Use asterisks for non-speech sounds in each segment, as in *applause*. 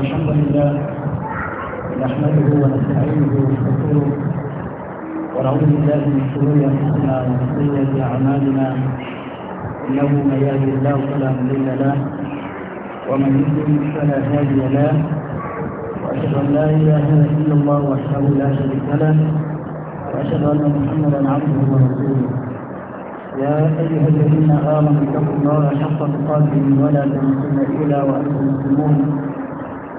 الحمد لله نحمده ونستعينه ونستغفره ونعوذ بالله من شرور أنفسنا ومن سيئه أعمالنا إنه من يهد الله فلا مضل له ومن يضلل فلا هادي له وأشهد أن لا إله إلا الله وحده لا شريك له وأشهد أن محمدا عبده ورسوله يا أيها الذين آمنوا اتقوا الله حق تقاته ولا تموتن إلا وأنتم مسلمون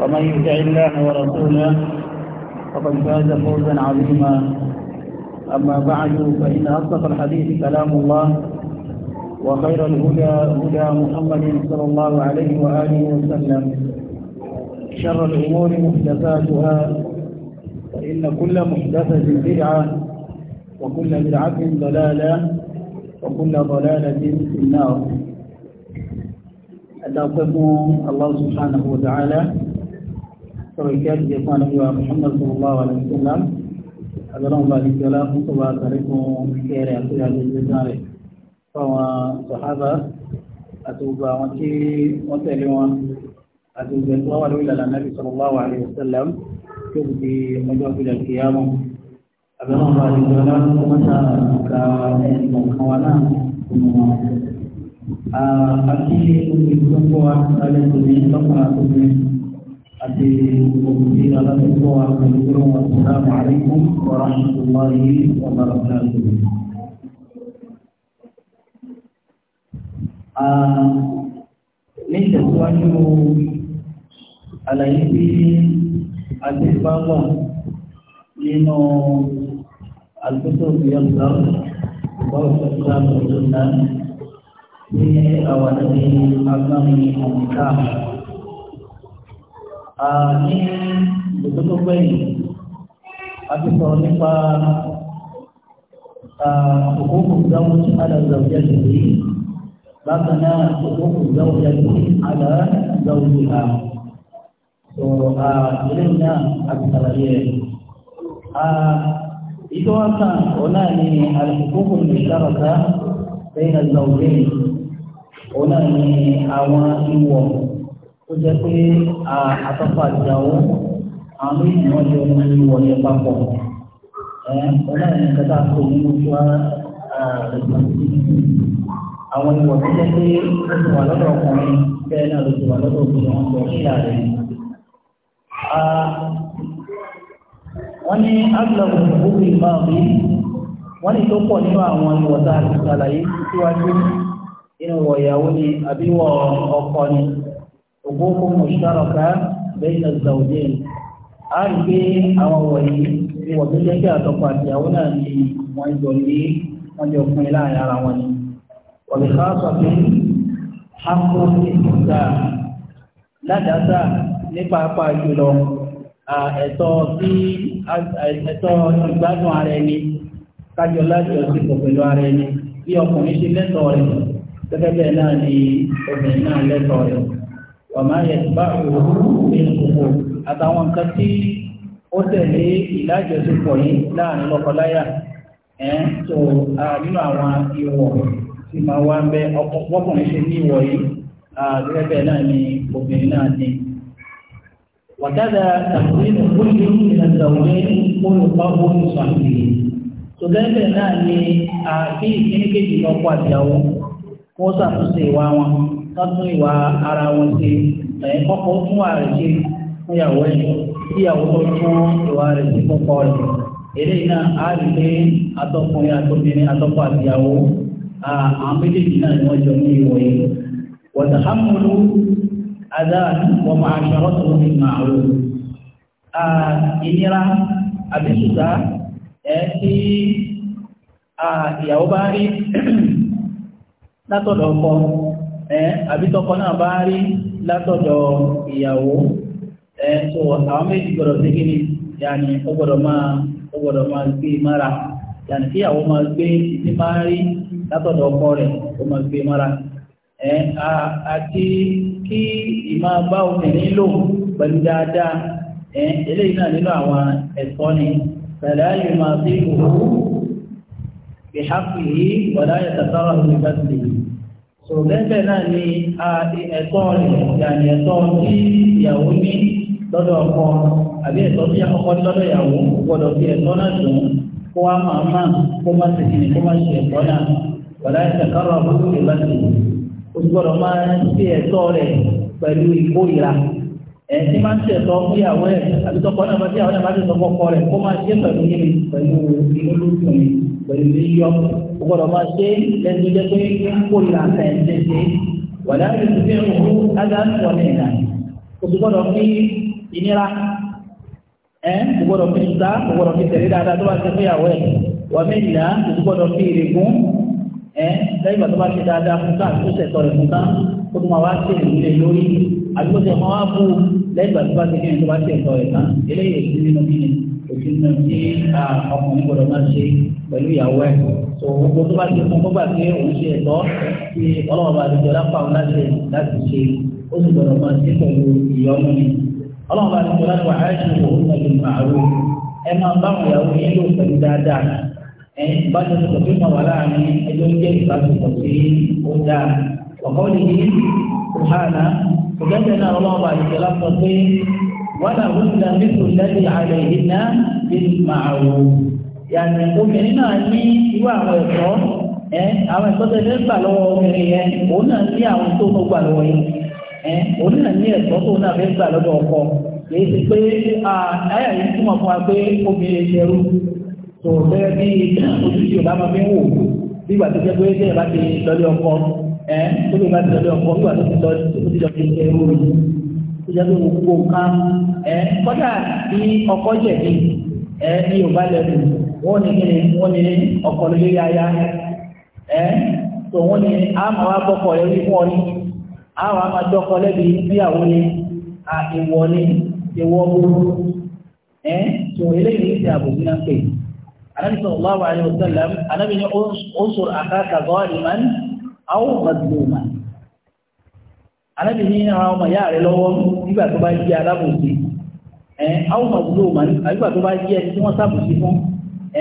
ومن يطع الله ورسوله فقد فاز فوزا عظيما أما بعد فإن أصدق الحديث كلام الله وخير الهدى هدى محمد صلى الله عليه وآله وسلم شر الأمور محدثاتها فإن كل محدثة بدعة وكل بدعة ضلالة وكل ضلالة في النار أتقكم الله سبحانه وتعالى sọ̀rọ̀ ìkẹ́ àti ìjẹ́ fún anábíwá Muhammad sallallahu alaihi wa sallam adọ́lọ́wọ́n bá dìgbẹ́ ọlá fún sọ̀rọ̀ àtàrí fún kẹrẹ àti àgbègbè náà rẹ̀ fáwọn sọ̀hábà àti gbogbo àwọn tí wọ́n tẹ̀lé wọn àti gbogbo ẹni tó wà lórí ìlànà anábì sallallahu alaihi wa sallam tó kù di ọjọ́ ìpìlẹ̀ kìyàmù adọ́lọ́wọ́n bá dìgbẹ́ ọlá fún mọ́tà àgbà ẹni kọ̀ọ̀kan wa náà fún wọn àti gbogbo ìgbàgbọ́ wa lálẹ́ àti òkùnkùn alásùkọ àgbẹ̀lúgbọ̀n assalamu alaikum wa rahmatullahi wa barakatuh. ini ìtẹ̀síwájú àlàyé bí a ti bá wà nínú àgbẹ̀tọ̀ ìyàgbà ìbáwọ̀ sọ́kúrà lọ́dún náà ní àwọn àti ní ìgbésẹ̀ tó gbẹ̀yìn a ti sọ̀rọ̀ nípa òkúkú dáwọn alàzàwùjá tìlú bákan náà òkúkú dáwùjá tìlú alàzàwùjá tó ilé náà a ti sàlàyé ìjọ wa kan ọ̀nà ni alùpùpù ìṣàrọ̀ká bẹ́ẹ̀ ni alàzàwùjá ọ̀nà ni àwọn ìwọ̀ tó jẹ́ pé àtọ́kọ̀ àtìyàwó àwọn méjì wọn jọ ní ìwọlé papọ̀ ọ̀nà ìrìn kẹta kò ní ojú àwọn ìwọ̀ tó jẹ́ pé ó ti wà lọ́dọ̀ ọkùnrin bẹ́ẹ̀ náà ló ti wà lọ́dọ̀ obìnrin wọn jọ sí ìyá rẹ̀ wọ́n ní agbẹ̀wò ìgbókù ìmáà bí wọ́n ní tó pọ̀ nínú àwọn ìwọ̀ta àti ìsàlàyé síwájú inú wọ̀ ìyàwó ni àbíwọ̀ ọkọ ni òkúkú mọ̀ṣáràká bẹ́ẹ̀ zàwùjẹ́ a rí pé àwọn wọ̀nyí ìwọ̀ tó jẹ́ kí àtọ́kọ̀ àti àwọn náà ni wọ́n jọ ní wọ́n jọ fún ilá àyà ara wọn ni ọ̀lẹ́ ká sọ pé hákó ìgbà ládàáta ní pàápàá jùlọ ẹ̀tọ́ sí ẹ̀tọ́ ìgbádùn ara ẹni kájọ láti ọ̀sìn pọ̀ pẹ̀lú ara ẹni bí ọkùnrin ṣe lẹ́tọ̀ọ́ rẹ̀ gẹ́gẹ́ bẹ́ẹ̀ náà ni obìnrin náà lẹ́tọ̀ọ́ rẹ̀ ọ̀má yẹ̀tùbá òhùrù nínú gbogbo àtàwọn nǹkan tí ó tẹ̀lé ìlàjọsìpọ̀ yìí láàrin lọ́kọláya ẹ̀ ń tó nínú àwọn ìwọ̀ tí máa wá ń bẹ ọkùnrin ṣe ní ìwọ̀ yìí gẹ́gẹ́ bẹ́ẹ̀ náà ni obìnrin náà ní. wàtàdà tàbílínù kúlù ìlàjọwé olùpapọ̀ ìsọ̀nìyí tògẹ́gẹ́ náà ni àbí ìkíníkèjì lọ́pọ̀ àtìyàwó kó ṣàtúnṣe ìwà wọn wọ́n tún ìwà ara wọn ṣe ẹ̀ kọ́kọ́ tún wà rẹ̀ ṣe fún ìyàwó ẹ̀ ìyàwó tó tún ìwà rẹ̀ ṣe fún kọ́ rẹ̀ eléyìí náà á rí pé atọ́kùnrin atọ́bìnrin atọ́kọ̀ àtìyàwó àwọn méjèèjì náà ni wọ́n jọ ní ìwọ̀ yìí wọ̀tàhámúlú adá wọn máa ṣàkóso ní màálù ìnira àbí ṣùgbọ́n ẹ̀ tí ìyàwó bá rí *clears throat* látọ̀dọ̀ ọkọ ẹ àbí tọkọ náà bá rí látọ̀dọ̀ ìyàwó ẹ tó àwọn méjì gbọ́dọ̀ sí kí ni yàní ó gbọ́dọ̀ máa ó gbọ́dọ̀ máa gbé e mára yàní kí ìyàwó máa gbé títí máa rí látọ̀dọ̀ ọkọ rẹ̀ ó máa gbé e mára ẹ àti kí ìmọ̀ bá obìnrin lò pẹ̀lú dáadáa ẹ eléyìí náà nínú àwọn ẹ̀kọ́ ni pẹ̀lú ayé máa sí òwú ìhàkùn yìí wọ̀dá yẹ sòlẹ́sẹ̀ náà ni ẹ̀tọ́ rẹ̀ yàní ẹ̀tọ́ tí ìyàwó ní lọ́dọ̀ ọkọ àbí ẹ̀tọ́ tí ọkọ ní lọ́dọ̀ ìyàwó gbọ́dọ̀ fi ẹ̀tọ́ náà dùn kó wá máa má kó má ti kìnnì kó má ṣe ẹ̀tọ́ náà wọ̀lá ìṣàkárọ̀ àbúrò ìbáṣe ó gbọ́dọ̀ máa ṣe ẹ̀tọ́ rẹ̀ pẹ̀lú ìkórìíra ẹ̀sìn máa ń tẹ̀sọ́ fún ìyàwó ẹ̀ àbí tọkọ náà máa tẹ̀yàwó náà máa tẹ̀sọ́ fún ọkọ rẹ̀ kó máa ṣe pẹ̀lú yìí pẹ̀lú inú lóṣù mi pẹ̀lú yíyọ o gbọ́dọ̀ máa ṣe lẹ́nu jẹ́ pé ń kó ìlànà ẹ̀sìn ṣe wàdà ìlú fi hàn ó ádá ń sọ nìyà o ti gbọ́dọ̀ fi ìnira ẹ̀ o gbọ́dọ̀ fi ìta o gbọ́dọ̀ fi tẹ̀lé dáadáa tó bá ṣe fún ìyàwó ẹ̀ wà o ti gbọ́dọ̀ fi ìrègùn ẹ̀ lẹ́yìn bàtọ́ bá ṣe dáadáa fún ká tó àdúgbò tí ọmọ wa kú lẹ́gbàá tó bá ti kí ni tó bá ti ẹ̀tọ́ ẹ̀ tán eléyìí èsì nínú kí ni òsì nínú tí ọkùnrin gbọdọ̀ máa ṣe pẹ̀lú ìyàwó ẹ̀ tó gbogbo tó bá ti fún gbogbo àti òun ṣe ẹ̀tọ́ tí ọlọ́wọ́ bá ti jọra pàrọ̀ láti láti ṣe ó sì gbọdọ̀ máa ṣe pẹ̀lú ìyọnu ni ọlọ́wọ́ bá ti jọra tó àìsàn òun náà lè máa rú ẹ máa bá àwọn ìyàwó yín lò pẹ̀lú dáadáa ìbáṣepọ̀ tó máa wà láàrin ẹjọ́ kòmẹ́tẹ̀ náà ọlọ́run bá yìí kẹlá sọ pé wàdà na mísù lẹ́sìn àlẹ́ yìí ná bíi màáwó yàtì obìnrin náà ní irú àwọn ẹ̀tọ́ ẹ àwọn ọzọ tẹ́lẹ̀ gbà ẹ tó lè bá ti lọ́dọ̀ ọkọ nígbà tó tó ti lọ fi ṣe tó jẹ́ pé gbogbo nǹkan ẹ kọ́dà bí ọkọ jẹ̀bi ẹ ní yorùbá lẹ́nu ní kíni ní ọkọ lórí yáyá ẹ tó ní fún ọ ní àwọn níyàwó ni ni ẹ tó eléyìí náà pè àwọn mọ̀tòmá alábìnrin àwọn ọmọ ìyá rẹ lọ́wọ́ nígbà tó bá jẹ́ alábòsí ẹ̀ àwọn mọ̀tòmá nígbà tó bá jẹ́ ẹni tí wọ́n sábòsí fún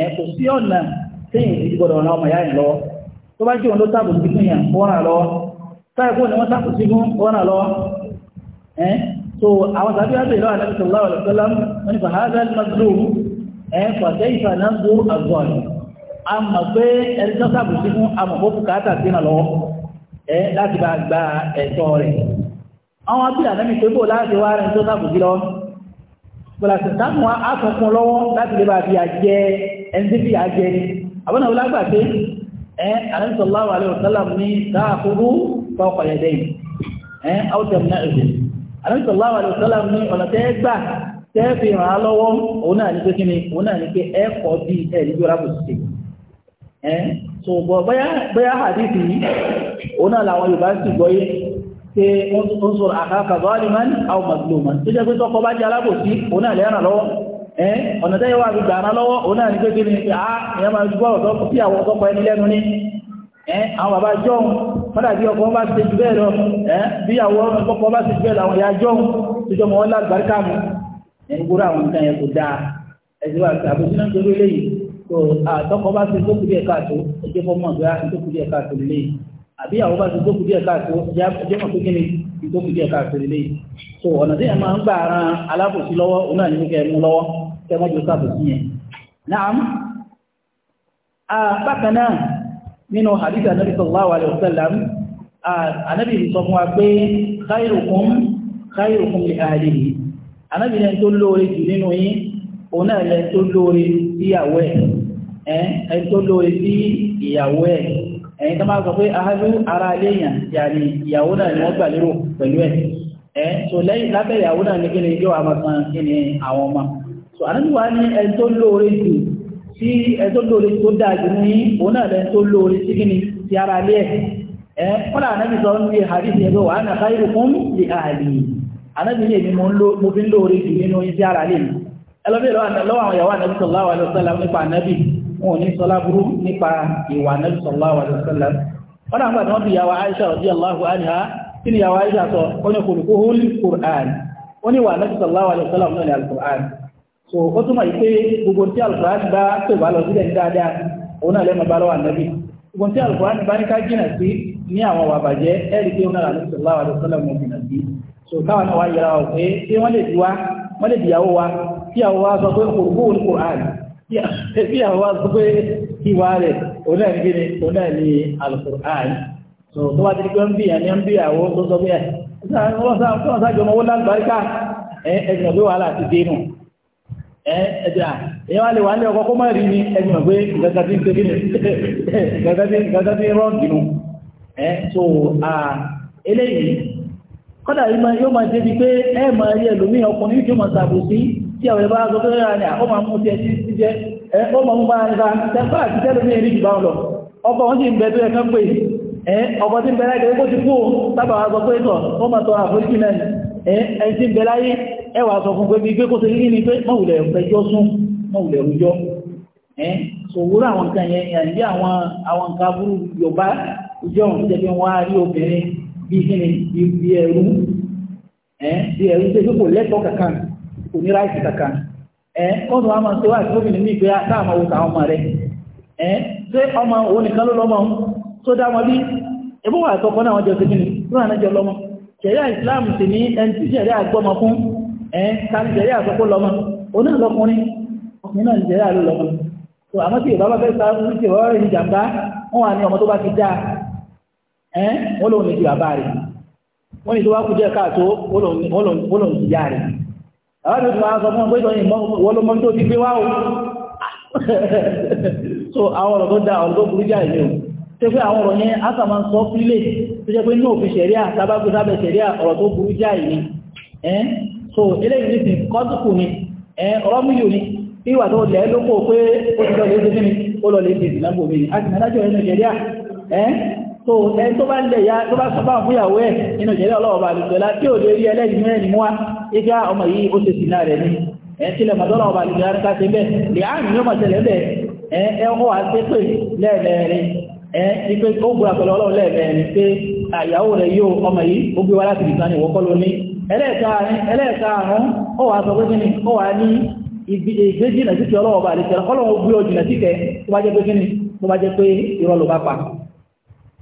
ẹ̀ kò sí ọ̀nà téèyàn ti gbọ́dọ̀ ọ̀nà ọmọ ìyá rẹ lọ́wọ́ tó bá jẹ́ òun ló sábòsí fún yàn kó ràn lọ́wọ́ táyà kó ni wọ́n sábòsí fún kó ràn lọ́wọ́ ẹ̀ so àwọn tàbí àbẹ̀ lọ́wọ́ àdàbìsọ̀ láwọ̀ lọ́sọ́lá a mọ̀ pé ẹni tó sàbòsí fún amọ̀kó bùkátà sí náà lọ́wọ́ ẹ láti bá gba ẹ̀tọ́ rẹ̀ àwọn bí àdámi pé bò láti wá ẹni tó sàbòsí lọ bọ̀làsì táwọn akọ̀kún lọ́wọ́ láti lè bá fi àjẹ ẹni tí fi ni àbọ̀nà wọlé àgbàṣe ẹ àdámi sallallahu alaihi wasallam ní káàkúrú fọwọ́kọ̀ yẹ̀dẹ́ yìí ẹ áwùjọ mi náà ẹ̀dẹ́ àdámi ni òun náà ní pé ẹ̀kọ́ so bọ̀ bóyá hadithi yìí ó náà làwọn Yorùbá sì gbọ́yé pé ó sọ àkàkà zaliman aw mazluman tó jẹ́ pé tọ́kọ bá jẹ́ alábòsí ó náà lẹ́ràn lọ́wọ́ ẹ́ ọ̀nà tẹ́yẹ wà gbà rán lọ́wọ́ ó náà ní pé kíni pé àá ah, ìyẹn máa ju bọ́ọ̀ tọ́kọ sí àwọn tọ́kọ ẹni lẹ́nu ní ẹ́ àwọn bàbá jọ́hun fọ́dà bí ọkọ bá ti jù bẹ́ẹ̀ lọ ẹ́ bí àwọn ọkọ bá ti jù bẹ́ẹ̀ làwọn ìyá jọ́hun tó jọ mọ́ wọn lágbàríkà mi ẹ̀ ń gbúra àwọn nǹkan yẹn kò dáa ẹ̀sìn wa àbòsí náà ń tó àtọ́kọ ah, bá ti dókú díẹ̀ káàtó ẹjẹ́ fọ́mọ̀ gbá dókú díẹ̀ káàtó lè àbí àwọn bá ti dókú díẹ̀ káàtó ẹjẹ́ mọ̀ pékinni dókú díẹ̀ káàtó lè tó ọ̀nà tí ẹ máa ń gbà ara alábòsí lọ́wọ́ òun náà ní kẹ́ mú lọ́wọ́ kẹ́ mọ́jú sábòsí yẹn. naam ah, bákan náà nínú hadith anabi sallallahu alayhi wa sallam anabi ah, sọ fún wa pé khairukum khairukum li ahlihi anabi náà tó lóore jù nínú yín òun náà lẹ tó lóore sí ìyàwó ẹ̀ ẹ tó lóore sí ìyàwó ẹ̀ ẹ̀yìn tó máa sọ pé ahájú ara léèyàn yàní ìyàwó náà ni wọ́n gbà lérò pẹ̀lú ẹ̀ ẹ̀ tó lẹ́yìn lábẹ́ ìyàwó náà ní kíni yóò àmọ́ san kíni àwọn ọmọ tó àdúgbò wa ní ẹ tó lóore jù sí ẹ tó lóore tó dáa jù ní òun náà lẹ tó lóore sí kíni sí ara lé ẹ̀ ẹ̀ kọ́lá ànábì sọ ní hadith yẹn pé wàá nà káyọ̀ fún li ahli ànábì ní èmi mo fi ń lóore jù nínú iṣẹ́ ara lé mi ẹlọ́bẹ̀rẹ̀ lọ́wọ́ àwọn ìyàwó ànábì sallallahu alaihi wasallam nípa ànábì wọn ò ní sọlá burú nípa ìwà ànábì sallallahu alaihi wasallam wọ́n náà gbàdán bí ìyàwó Aisha radiyallahu anha kí ni ìyàwó Aisha sọ ó ní so ó túmọ̀ yìí pé gbogbo tí al-Qur'an bá tó bá lọ sílẹ̀ ní dáadáa òun náà lẹ́nu bá lọ́wọ́ ànábì gbogbo tí al-Qur'an bá ní so káwọn náà wá yẹra ọ̀ pé tí wọ́n lè di wa tí àwọn wá sọ pé kòrò olùkò ààrẹ tí àwọn wá sọ pé ìwà rẹ̀ onáìgíní onáìní alùkòrò ààrẹ tó tó wá ti rí pé ń bí àní ń bí àwọn tó sọ pé wọ́n sáájú ọmọ wọ́n lágbàríkà ẹgbẹ̀rún pé wàhálà ti dé nù ẹ̀ẹ́dà èyí wá lè wà ní ọkọ̀ kó má rí ní ẹgbẹ̀rún pé gàgà tí ń ṣe kíni gàgà eléyìí kọ́dà yóò máa débi pé ẹ̀ẹ́ máa rí ẹlòmíràn ọkùnrin yóò máa ṣàbòsí tí àwọn ìbára sọ pé rẹ̀ ní àkọ́mà mú ti ẹjí ti jẹ́ ọmọ mú bá nípa tẹ́fà àti tẹ́lú ní èrí jùbá lọ ọkọ̀ wọ́n sì ń bẹ tó ẹ̀kan pé ọkọ̀ tí ń bẹ láyé kó ti kú tábà wá sọ pé sọ ó mọ̀ tọrọ àforíjì náà ẹni tí ń bẹ láyé ẹwà sọ fún pé bí pé kó ti rí ní pé mọ̀wùlẹ̀ ẹjọ́ sún mọ̀wùlẹ̀ ẹjọ́ sòwúrò àwọn nǹkan yẹn yàndí àwọn àwọn nǹkan burú Yorùbá ìjọ òun ti jẹ́ pé wọ́n á rí obìnrin bí kíni bí ẹrú bí ẹrú tó kò kò ní ráìsì kankan ẹ kọ́nù wa máa ń tẹ́wà ìfúnmi ní ìgbé sáàmà ah, wo tàwọn ọmọ rẹ ẹ ṣé ọmọ òun nìkan ló lọ́mọ tó dá wọn bí ebó wà tọkọ náà wọn jọ sí kíni tó náà jọ lọ́mọ ṣẹ̀ríà ìsìláàmù sì ní ẹni tí ṣẹ̀ríà gbọ́mọ fún ẹ káni ṣẹ̀ríà àkókò lọ́mọ oní tó àmọ́ lòun ní ti àwọn ìlú àwọn ọmọ ọgbẹ́ ìtọ́yìn wọ́n ló mọ́ tó ti gbé wá o so àwọn ọ̀rọ̀ tó dá ọ̀rọ̀ tó burú jà ìlú tí pé àwọn ọ̀rọ̀ yẹn asàmà sọ fílẹ̀ tó jẹ́ pé ní òfin ṣẹ̀ríà tàbágbé sábẹ̀ ṣẹ̀ríà ọ̀rọ̀ tó burú jà ìlú ẹ́n so eléyìí ti kọ́tùkù ni ẹ́n ọ̀rọ̀ mú yìí ni ìwà tó lẹ́ lóko pé ó ti lọ lè ṣe kíni ó lọ lè ṣe ìdìlábò mi ni a sì mẹ́lájọ́ ẹnu ṣẹ̀ríà ẹ́n so ẹni tó bá lẹ̀ ya tó bá ìgbà ọmọ yìí ó ṣe sí náà rẹ̀ ní ẹ̀ sílẹ̀ mọ̀dọ́lọ̀ ọba ìgbà rẹ̀ káṣe bẹ́ẹ̀ lè àmì yóò máa tẹ̀lẹ̀ bẹ́ẹ̀ ẹ ẹ ó wà sí pé lẹ́ẹ̀mẹ́rin ẹ ipe ó gbọ́ àpẹẹrẹ ọlọ́run lẹ́ẹ̀mẹ́rin pé àyàwó rẹ̀ yóò ọmọ yìí ó gbé wá láti ìgbà ní ìwọ́kọ́ lóní ẹlẹ́ẹ̀kaàrún ó wà sọ pé kíni ó wà ní ìgbéjìnà sí ti ọlọ́run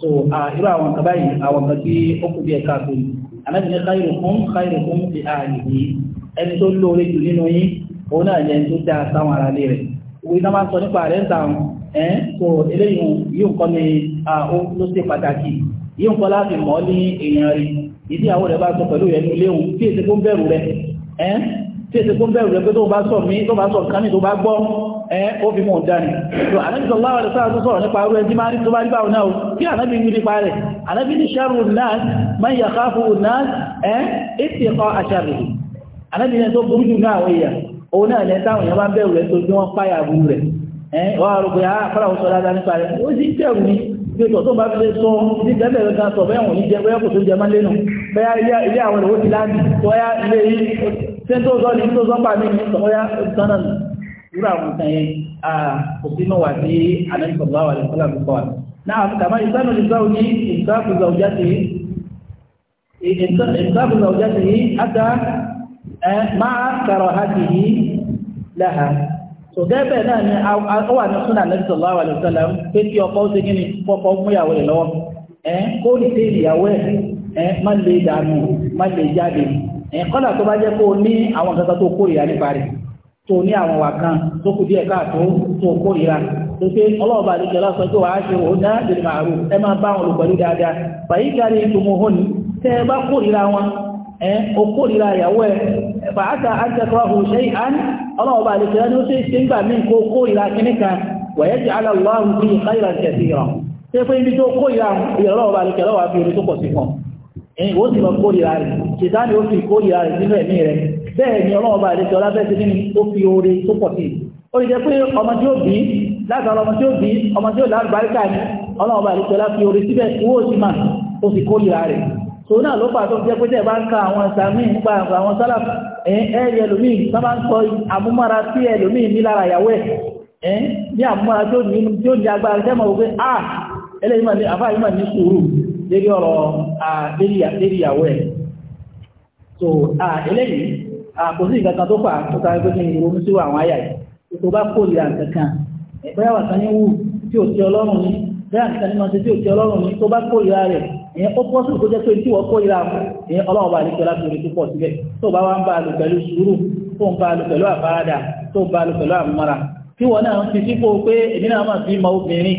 so irú àwọn kan báyìí àwọn kan tí ó kù díẹ̀ káàtó ni anábì ní khairukum khairukum ti ahlihi ẹni tó lóore jù nínú yín òun náà yẹn tó dáa sáwọn aráalé rẹ̀ òwe náà máa ń sọ nípa rẹ̀ ń tàn ẹ́ so eléyìí yóò kọ́ ni ló ṣe pàtàkì yóò kọ́ láti mọ̀ ní èèyàn rí ìdí àwọn rẹ̀ bá sọ pẹ̀lú rẹ̀ nílé òun kí èsì kó ń bẹ̀rù rẹ̀ ẹ́ tí èsì fún bẹ̀rù rẹ̀ pé tó bá sọ mí tó bá sọ nǹkan ní tó bá gbọ́ ẹ ó fi mọ̀ dání tó ànábì sọ láwàrẹ̀ sáà tó sọ̀rọ̀ nípa arú ẹjí máa rí tó bá rí báwọn náà kí ànábì ní nípa rẹ̀ ànábì ní ṣàrù náà máa yà káfù náà ẹ èsì ẹ̀kọ́ àṣàrì ànábì ní tó burú jù náà wọ̀nyà òun náà lẹ́ táwọn èèyàn bá bẹ̀rù rẹ̀ tó bí wọ́n páyà bú ṣe tó sọ ní tó sọ pa mí ní sọmọyá sọnà wúrà àwọn nǹkan yẹn kò sí náà wà sí àdáyé sọ̀rọ̀ àwọn àlẹ́ sọ́lá àbúkọ́ wa náà kàmá ìsánù lè sọ ní ìsáàfù zàwùjá sí ìsáàfù ni ó wà ní súnà Ànábì sallallahu alaihi wasallam pé kí ọkọ ó ṣe kí ni pọ́pọ́ mú ìyàwó rẹ̀ lọ́wọ́ ẹ̀ kó ní pé ìyàwó ẹ̀ má lè dànù má lè jáde kọ́dà tó bá jẹ́ kó ní àwọn nǹkan tó kórìíra nípa rẹ̀ tó ní àwọn wà kan tó kù díẹ̀ káàtó tó kórìíra tó pé ọlọ́ọ̀bà àdìjọ lásán tó wàá ṣe òun náà dèrè màrú ẹ máa bá wọn lò dáadáa bàyí kárí tòmóhónì tẹ́ wọn ẹ o kórìíra ìyàwó ẹ fàáta àtẹ́kọ̀ọ́hù ṣe ìhán ọlọ́ọ̀bá àlèkìlá ní ṣe ṣe ń gbà mí kó ẹ̀yìn ó sì lọ kórìíra rẹ̀ ṣètáni ó fi ko rẹ̀ nínú ẹ̀mí rẹ̀ bẹ́ẹ̀ ni ọlọ́run bá àdéṣe ọlábẹ́sẹ̀ nínú ó fi oore tó pọ̀ sí i ó lè jẹ́ pé ọmọ tí ó bí látara ọmọ tí ó bí ọmọ tí ó lára ní ọlọ́run bá àdéṣe fi oore síbẹ̀ owó sì mà ó rẹ̀ tó náà ló pàtó jẹ́ pé bá ń ka àwọn ìsàmì nípa àwọn sálàfù ẹ̀ẹ́rì ẹlòmíì tó bá ń sọ àmúmára sí ẹlòmíì ní lára ìyàwó ẹ̀ ní eléyìí máa ní àfáà yìí máa ní sùúrù lérí ọ̀rọ̀ lérí ìyàwó ẹ̀ so eléyìí kò sí ìgbàkan tó fà tó ta ẹgbẹ́ ní ìrònú sí àwọn àyà yìí tó bá kó ìlà kankan bóyá wà kan ní wù tí ò ti ọlọ́run ní bóyá nǹkan ní máa ṣe tí ò ti ọlọ́run ní tó bá kó ìlà rẹ̀ ìyẹn ó pọ́ sùn kó jẹ́ pé tí wọ́n kó ìlà fún ìyẹn ọlọ́run bá nípa láti orí tó pọ̀ síbẹ̀ tó bá wá ń bá lò pẹ̀lú sùúrù tó ń bá lò pẹ̀lú àfaradà tó ń bá lò pẹ̀lú àmúmọ́ra tí wọ́n náà ti sípò pé èmi náà máa fi mọ obìnrin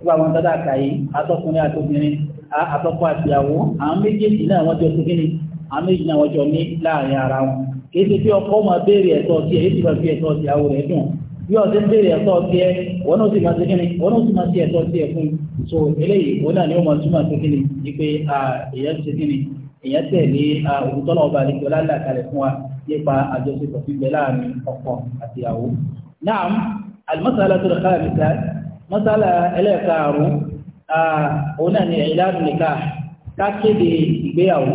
gbogbo àwọn tọ́lá àkàyè atọ́kùnrin àtòbìnrin atọ́kọ àtìyàwó àwọn méjèèjì náà wọ́n jọ síkínì àwọn méjì náà wọ́n jọ ní láàrin ara wọn kì í ṣe pé ọkọ máa béèrè ẹ̀tọ́ sí ẹ̀ èsì máa fi ẹ̀tọ́ sí àwọn rẹ̀ dùn bí wọ́n ti ń béèrè ẹ̀tọ́ sí ẹ wọn náà sì máa síkínì wọn náà sì máa sí ẹ̀tọ́ sí ẹ fún so eléyìí wọn náà ni wọ́n máa túmọ̀ síkínì ní pé èèyàn síkínì èèyàn tẹ̀lé ọba àlejò lálẹ́ fún wa nípa àjọṣepọ̀ fífẹ́ láàrin ọkọ àtìyàwó. naam al-mas'alatu al-khamisah mọ́sálà ẹlẹ́ẹ̀kaàrún òun náà ni ìlànà nìka ká kéde ìgbéyàwó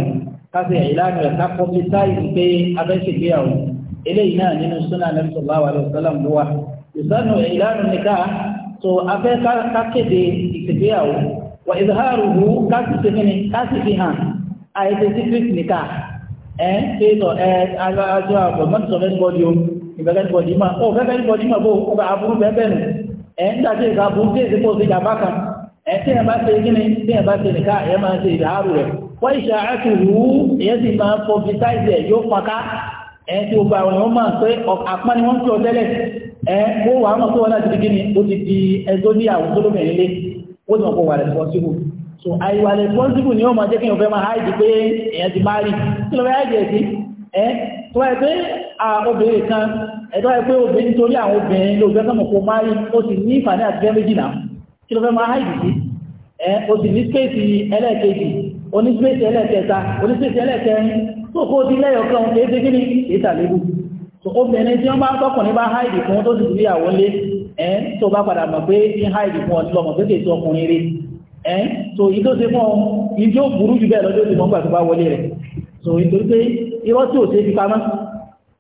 ká ṣe ìlànà rẹ̀ ká publicize pé abẹ́ṣẹ̀ ìgbéyàwó eléyìí náà nínú súnà Nabi sallallahu alaihi wasallam ló wà ìsánù ìlànà nìka tó afẹ́ ká kéde ìgbéyàwó wà ìdáhàrùhù ká sì ṣe kíni ká sì fi hàn àìsè secret nìka ẹ ṣe tọ ẹ àjọ àgbọ̀n mọ́tò sọ fẹ́ ẹ̀yìn tàbí ìsàbù tí èsì pọ̀ sí ìjàmbá kan ẹ̀tí ẹ̀ bá ṣe gíní tí ẹ̀ bá ṣe nìká ẹ̀ máa ṣe ìdáàrù rẹ̀ wọ́n ìṣà àti wù ú ìyẹn sì máa ń publicize ẹ̀ yóò fọ́nká ẹ̀yìn tí gbogbo àwọn èèyàn máa ń pé àpá ni wọ́n ń tọ́ tẹ́lẹ̀ ẹ̀ ó wà á mọ̀ tó wọn láti di gíní ó ti di ẹjọ́ ní responsible so àìwà responsible ni ó máa jẹ́ kí ọ̀fẹ́ máa háìdì pé èèyàn ti máa rí kí ló fẹ́ háìdì ẹ̀ ẹ̀dọ́ ẹ pé obìnrin torí àwọn obìnrin ló gbẹ́gbẹ́ mọ̀ kó máa rí ó sì ní ìfàní àti gẹ́mẹ́jì náà kí ló fẹ́ máa háìdì sí ẹ ó sì ní spéèsì ẹlẹ́ẹ̀kejì oní ẹlẹ́ẹ̀kẹta oní ẹlẹ́ẹ̀kẹrin tó kó di lẹ́yọ̀kan kéde kí ni ìtàlélú so obìnrin tí wọ́n bá tọkùnrin bá háìdì fún tó sì rí àwọn lé ẹ tó bá padà mọ̀ pé ní háìdì fún ọtí lọmọ pé kèsì ọkùnrin rí ẹ so ìtó ṣe fún ọ ìdí ó burú jù bẹ́ẹ̀ lọ́jọ́ ìdìbò ń wọlé rẹ̀ so ìtorí pé irọ́ tí ò ṣe fi pamọ́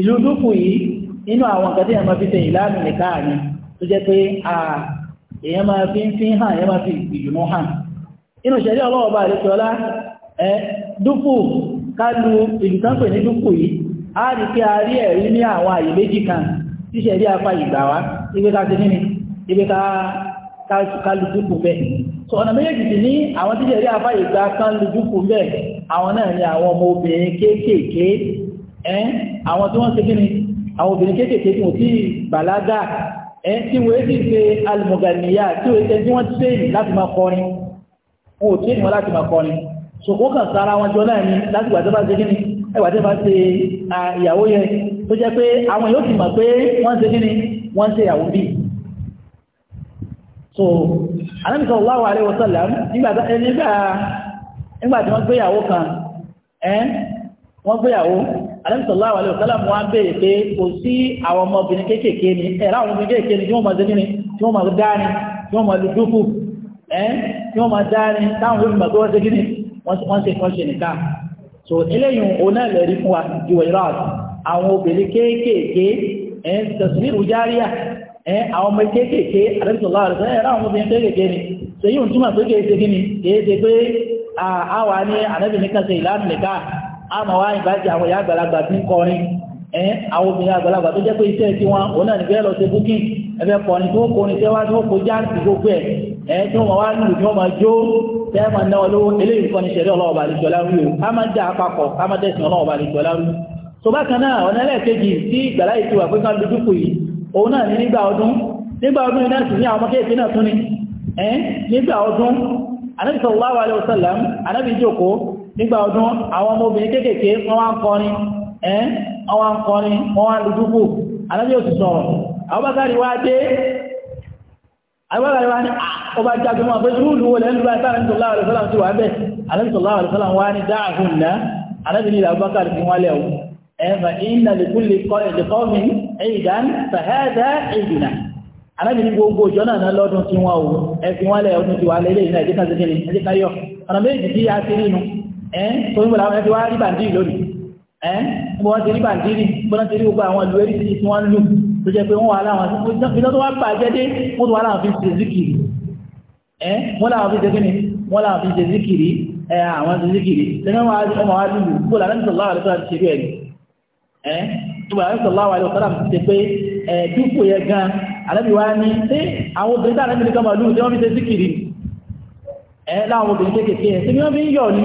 ìlú dúkù yìí nínú àwọn nǹkan tí èèyàn máa fi ṣe ìlànà nìkan àní tó jẹ́ pé èèyàn máa fi ń fi hàn èèyàn máa fi ìdùnnú hàn inú ìṣẹ̀lẹ̀ ọlọ́ọ̀bá àdéṣọlá ẹ dúkù kálu ìlú kan pè ní dúkù yìí a rí pé a rí ẹ̀rí ní àwọn àyè so ọ̀nà méjèèjì ti ní àwọn tí ìṣẹ̀lẹ̀ apá ìgbà ni àwọn ọmọ obìnrin kéékèèké ẹ́n àwọn tí wọ́n ṣe kí ni àwọn obìnrin kéékèèké tí wọ́n ti bàlágà ẹ́n tí wọ́n ti ṣe alìmọ̀gànìyà tí wọ́n ṣe tí wọ́n ṣe láti máa kọrin wọn ò tí wọ́n láti máa kọrin so ó kàn sára wọn jọ náà ni láti wà tó bá ṣe kí ni ẹwà tó bá ṣe ìyàwó yẹn tó jẹ́ pé àwọn yóò ti mọ̀ pé wọ́n ṣe kí ni wọ́n ṣe ìyàwó bíi so anábìsọ̀ wáwà alẹ́ wọ́sọ̀lá nígbà tí wọ́n gbéyàwó kan ẹ́n wọ́n gbéyàwó alẹ́sọ̀lá wà lẹ́wọ̀ sálàmù wá ń bèèrè pé kò sí àwọn ọmọbìnrin kéékèèké ni ẹ̀rọ àwọn ọmọbìnrin kéékèèké ni tí wọ́n máa ṣe kíni tí wọ́n máa dáni tí wọ́n máa lu dúkù ẹ́ tí wọ́n máa dáni táwọn olóògùn máa gbé wọ́n ṣe kíni wọ́n ṣe kọ́ ṣe nìka so eléyìí òun náà lè rí fún wa ju ìrọ̀ àwọn obìnrin kéékèèké àmọ́ wá ìbájì àwọn ìyá àgbàlagbà tí ń kọrin ẹ́ àwọn obìnrin àgbàlagbà tó jẹ́ pé iṣẹ́ tí wọn òun náà nígbẹ́ lọ sí búkì ẹ̀fẹ́ kọrin tó kọrin tẹ́wá tó kó jáǹtì gbogbo ẹ̀ ẹ́ tí wọ́n wá nílùú tí wọ́n máa jó tẹ́ẹ̀mà náà lówó eléyìí kọ́ni ṣẹ̀rẹ́ ọlọ́ọ̀bà àlejòlá rú o a máa ń dá apapọ̀ a máa dẹ̀sìn ọlọ́ọ̀bà àlejòlá rú tó bá náà ọ̀nà alaihi wasallam anábì jókòó nígbà ọdún àwọn ọmọbìnrin kéékèèké wọ́n wá ń kọrin ẹ́ wọ́n wá ń kọrin wọ́n wá ń lùdúkù alábí òsì sọ̀rọ̀ àwọn bákàrí wá dé àgbàgbà wa ni ọba jáde mọ́ pé rúùlù wọlé ń lúwà sára nítorí láwàrí sọ́lá ti wà ń bẹ̀ alẹ́sọ̀lá wà sọ́lá wá ní dáàhùn náà alábìnrin ilẹ̀ abubakar fi wọ́n lẹ́wọ̀ ẹ̀fà iná lè kúlè kọ́mí ẹ̀yìdán fàhẹ́dá ìdìnà alábìnrin gbogbo ìjọ náà lọ́dún tí wọ́n ẹ̀fì wọ́n ti wà lẹ́lẹ́ ẹ́n tó ń bọ̀lá wọn ẹ́ ti wá rí bàndírì lónìí ẹ́n bọ́ wọ́n ti rí bàndírì bọ́n ti rí gbogbo àwọn ìlú erí tí wọ́n lù tó jẹ́ pé wọ́n wà láwọn iná tó wá bà jẹ́ dé wọ́n tó wà láwọn fi ṣe zikiri ẹ́n wọ́n láwọn fi ṣe kíni wọ́n láwọn fi ṣe zikiri ẹ́ àwọn ṣe zikiri tẹ́lẹ̀ wọ́n wá lùlù bó la lẹ́nu sọ̀lá àlẹ́ sọ̀rọ̀ ti ṣe rí ẹ̀ ẹ́n tó bá lẹ́nu sọ̀lá àlẹ́ sọ̀rọ̀ ti ṣe pé ẹ̀ dúpò yẹ gan alẹ́bí wa ní ṣé àwọn obìnrin tá àlẹ́bí ní tí wọ́n fi ṣe zikiri ẹ̀ láwọn obìnrin kéékèèké ẹ̀ wọ́n fi ń yọ̀ ni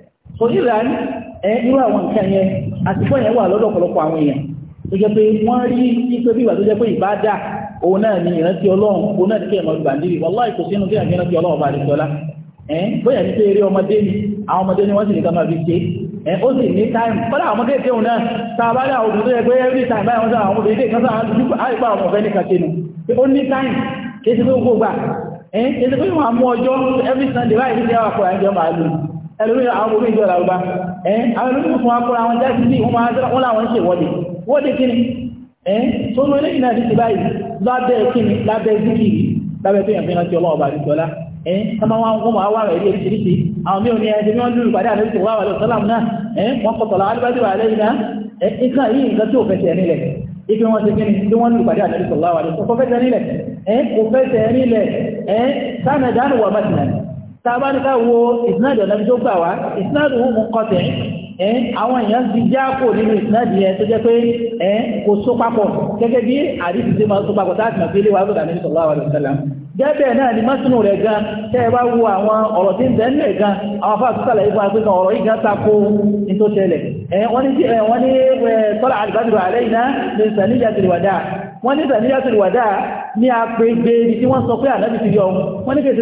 so ìlànà ẹ irú àwọn nǹkan yẹn àsìkò yẹn wà lọ́dọ̀ ọ̀pọ̀lọpọ̀ àwọn èèyàn tó jẹ́ pé wọ́n rí ipe bí ìgbà tó jẹ́ pé ìbádà òun náà ni ìrántí ọlọ́run òun náà ni kí ẹ̀mọ́ gbàndìrì wàláì kò sínú kí ẹ̀mí ìrántí ọlọ́run bá rí sọlá bóyá ní pé eré ọmọdé ni àwọn ọmọdé ni wọ́n sì ní ká máa fi ṣe ẹ̀ ó sì ní táìmù kọ́lá àwọn ọmọdé ìfẹ́ òun náà tàbá dá ogun tó yẹ pé every time báyìí wọ́n sáà àwọn obìnrin kan sáà dúpọ̀ àìpá àwọn ọ̀fẹ́ ní kàkínú pé ó ní táìmù kí é ti pé gbogbo gbà ẹ̀ kí é ti pé wọ́n mú ọjọ́ every Sunday báyìí ní ẹwà kọ̀ ẹ̀jọ́ máa lò ẹlòmí àwọn orí ìjọ làrúbá ẹ́ àwọn olóògùn fún akọ́rọ̀ àwọn jáde sí wọ́n máa wọ́n láwọn ṣe wọ́de wọ́de kíni ẹ́ tó mú eléyìn náà títí báyìí lábẹ́ kíni lábẹ́ zikiri lábẹ́ tó yàn fi rántí ọlọ́ọ̀bà àdìsọ́lá ẹ́ sọ́mọ́ wọn kó máa wà rẹ̀ rí oríṣiríṣi àwọn mí ò ní ẹni wọ́n lùrù padà àdìsọ́ wà wà lọ́sọ́làm náà ẹ́ wọ́n kọ̀tọ̀lá alibadi wà lẹ́yìn náà ẹ́ nǹkan yìí nǹkan tí ò fẹsẹ̀ nílẹ̀ ibi wọn ti kíni tí wọ́n lùrù tàbáríká wo ìsinádì ọ̀nà tó gbà wá ìsinádì wọ́n mú kọtẹ̀ ẹ́ àwọn èèyàn ti já kò nínú ìsinádì yẹn tó jẹ́ pé ẹ́ kò so papọ̀ gẹ́gẹ́ bí àdìsí tí máa so papọ̀ táàtì máa fi lé wa lọ́dà nínú sallallahu alaihi wasallam gẹ́gẹ́ náà ni mọ́sùnù rẹ̀ gan tẹ́ ẹ bá wo àwọn ọ̀rọ̀ tí ń bẹ nílẹ̀ gan àwọn afá àtúntàlẹ̀ ìfún àpé kan ọ̀rọ̀ yìí gan tako ní tó ṣẹlẹ̀ wọ́n ní wọ́n ní tọ́lá àdìbádùrù àlẹ́ iná lè sàníyà tìrìwàdà wọ́n ní sàníyà tìrìwàdà ní apẹgbẹ́ ibi tí wọ́n sọ pé ànábì ti yọ wọ́n ní kèsì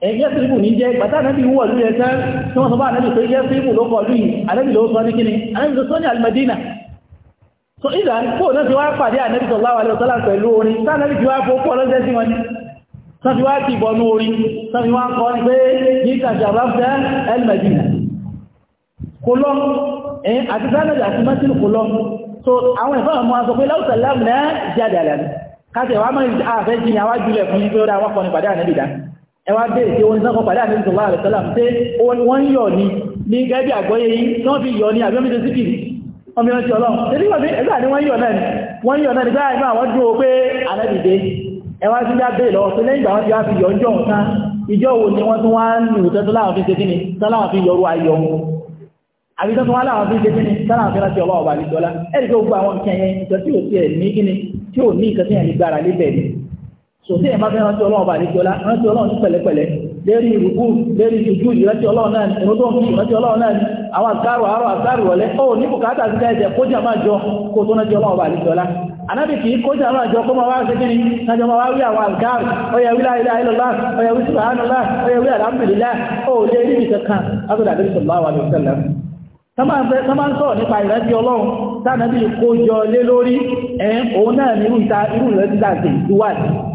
ẹgbẹ́ síríbù ní jẹ́ bàtà náà bí wọ́n lú ẹ̀sẹ́ tí wọ́n sọ bá náà pé ẹgbẹ́ síríbù ló kọ̀ lúyìn alẹ́bì ló sọ ní kíni alẹ́bì sọ ní almadina so ìlà kó náà ti wá pàdé ànẹ́bì sallallahu alaihi wasallam pẹ̀lú orin sáàlẹ́bì ti wá fọ́kọ́ lọ́jẹ́ sí wọn sọ́fi wá ti bọ̀ ní orin sọ́fi wá kọ́ ní pé ní kàjàráfẹ́ almadina kò lọ àti sáàlẹ́bì so àwọn ìfẹ́ ọmọ sọ pé láwùsàlámù náà jẹ́ àdàlẹ́ káṣẹ̀ wá mọ́ àfẹ́ ah, jìnà wájú lẹ̀ fún ní pé ó dá wọ́pọ̀ ní pàdé ànẹ́bì ẹwà bèèrè tí wọ́n sáfọ́ pàdé àmì ìsọ̀lá rẹ̀ sọ́lá pé wọ́n yọ̀ ní ní gẹ́gẹ́ àgbọ́yé yìí tí wọ́n fi yọ̀ ní àbí ọmọdé síkìrì ọmọ ìrántí ọlọ́run tẹ́lẹ̀ wọ́n ẹgbà ní wọ́n yọ̀ náà ni wọ́n yọ̀ náà ni báyìí máa wọ́n dúró pé alẹ́bìdé ẹwà tí wọ́n bèèrè lọ́wọ́ pé lẹ́yìn ìgbà wọ́n ti wá fi yọ̀ ń jọ̀ tán ìjọ wo ni wọ́n tún wá ń lù tẹ́tọ́ láwọn fi ṣe kí ni tọ́láwọn fi yọrù ayọ̀ wọn àbí tọ́tún wá láwọn fi ṣe kí ni tọ́láwọn fi rántí ọlọ́wọ́ bá ní jọlá ẹ̀rí tó gbogbo àwọn nǹkan yẹn nǹkan tí ò tiẹ̀ ní kí ni tí ò ní nǹkan tí yẹn ní gbára lébẹ̀ ni sòtí ẹ̀ bá fẹ́ rántí ọlọ́run bá àdéjọ́lá rántí ọlọ́run ní pẹ̀lẹ́pẹ̀lẹ́ lérí ìrùkú lérí ìtújú ìrántí ọlọ́run náà ẹ̀rọ tó ń fi ìrántí ọlọ́run náà àwọn àkárò àárọ̀ àkárò ọ̀lẹ́ ó ní bùkátà sí ẹ̀jẹ̀ kójà máa jọ kó tó rántí ọlọ́run bá àdéjọ́lá anábì kì í kójà máa jọ kó máa wá ṣẹ́kí ni nájọ máa wá wí àwọn àkárò ọyẹ wí láìlá ìlọlá ọyẹ wí subhanallah ọyẹ wí alhamdulillah ó lé rí ìṣẹ́ kan látọ̀dà àdébì sallallahu alaihi wasallam tọ́mà ń sọ̀rọ̀ nípa ìrántí ọlọ́run tánàbí kó jọ lé lórí ẹ̀ òun náà ní irú ìta irú ìrántí dáàtì ìwádìí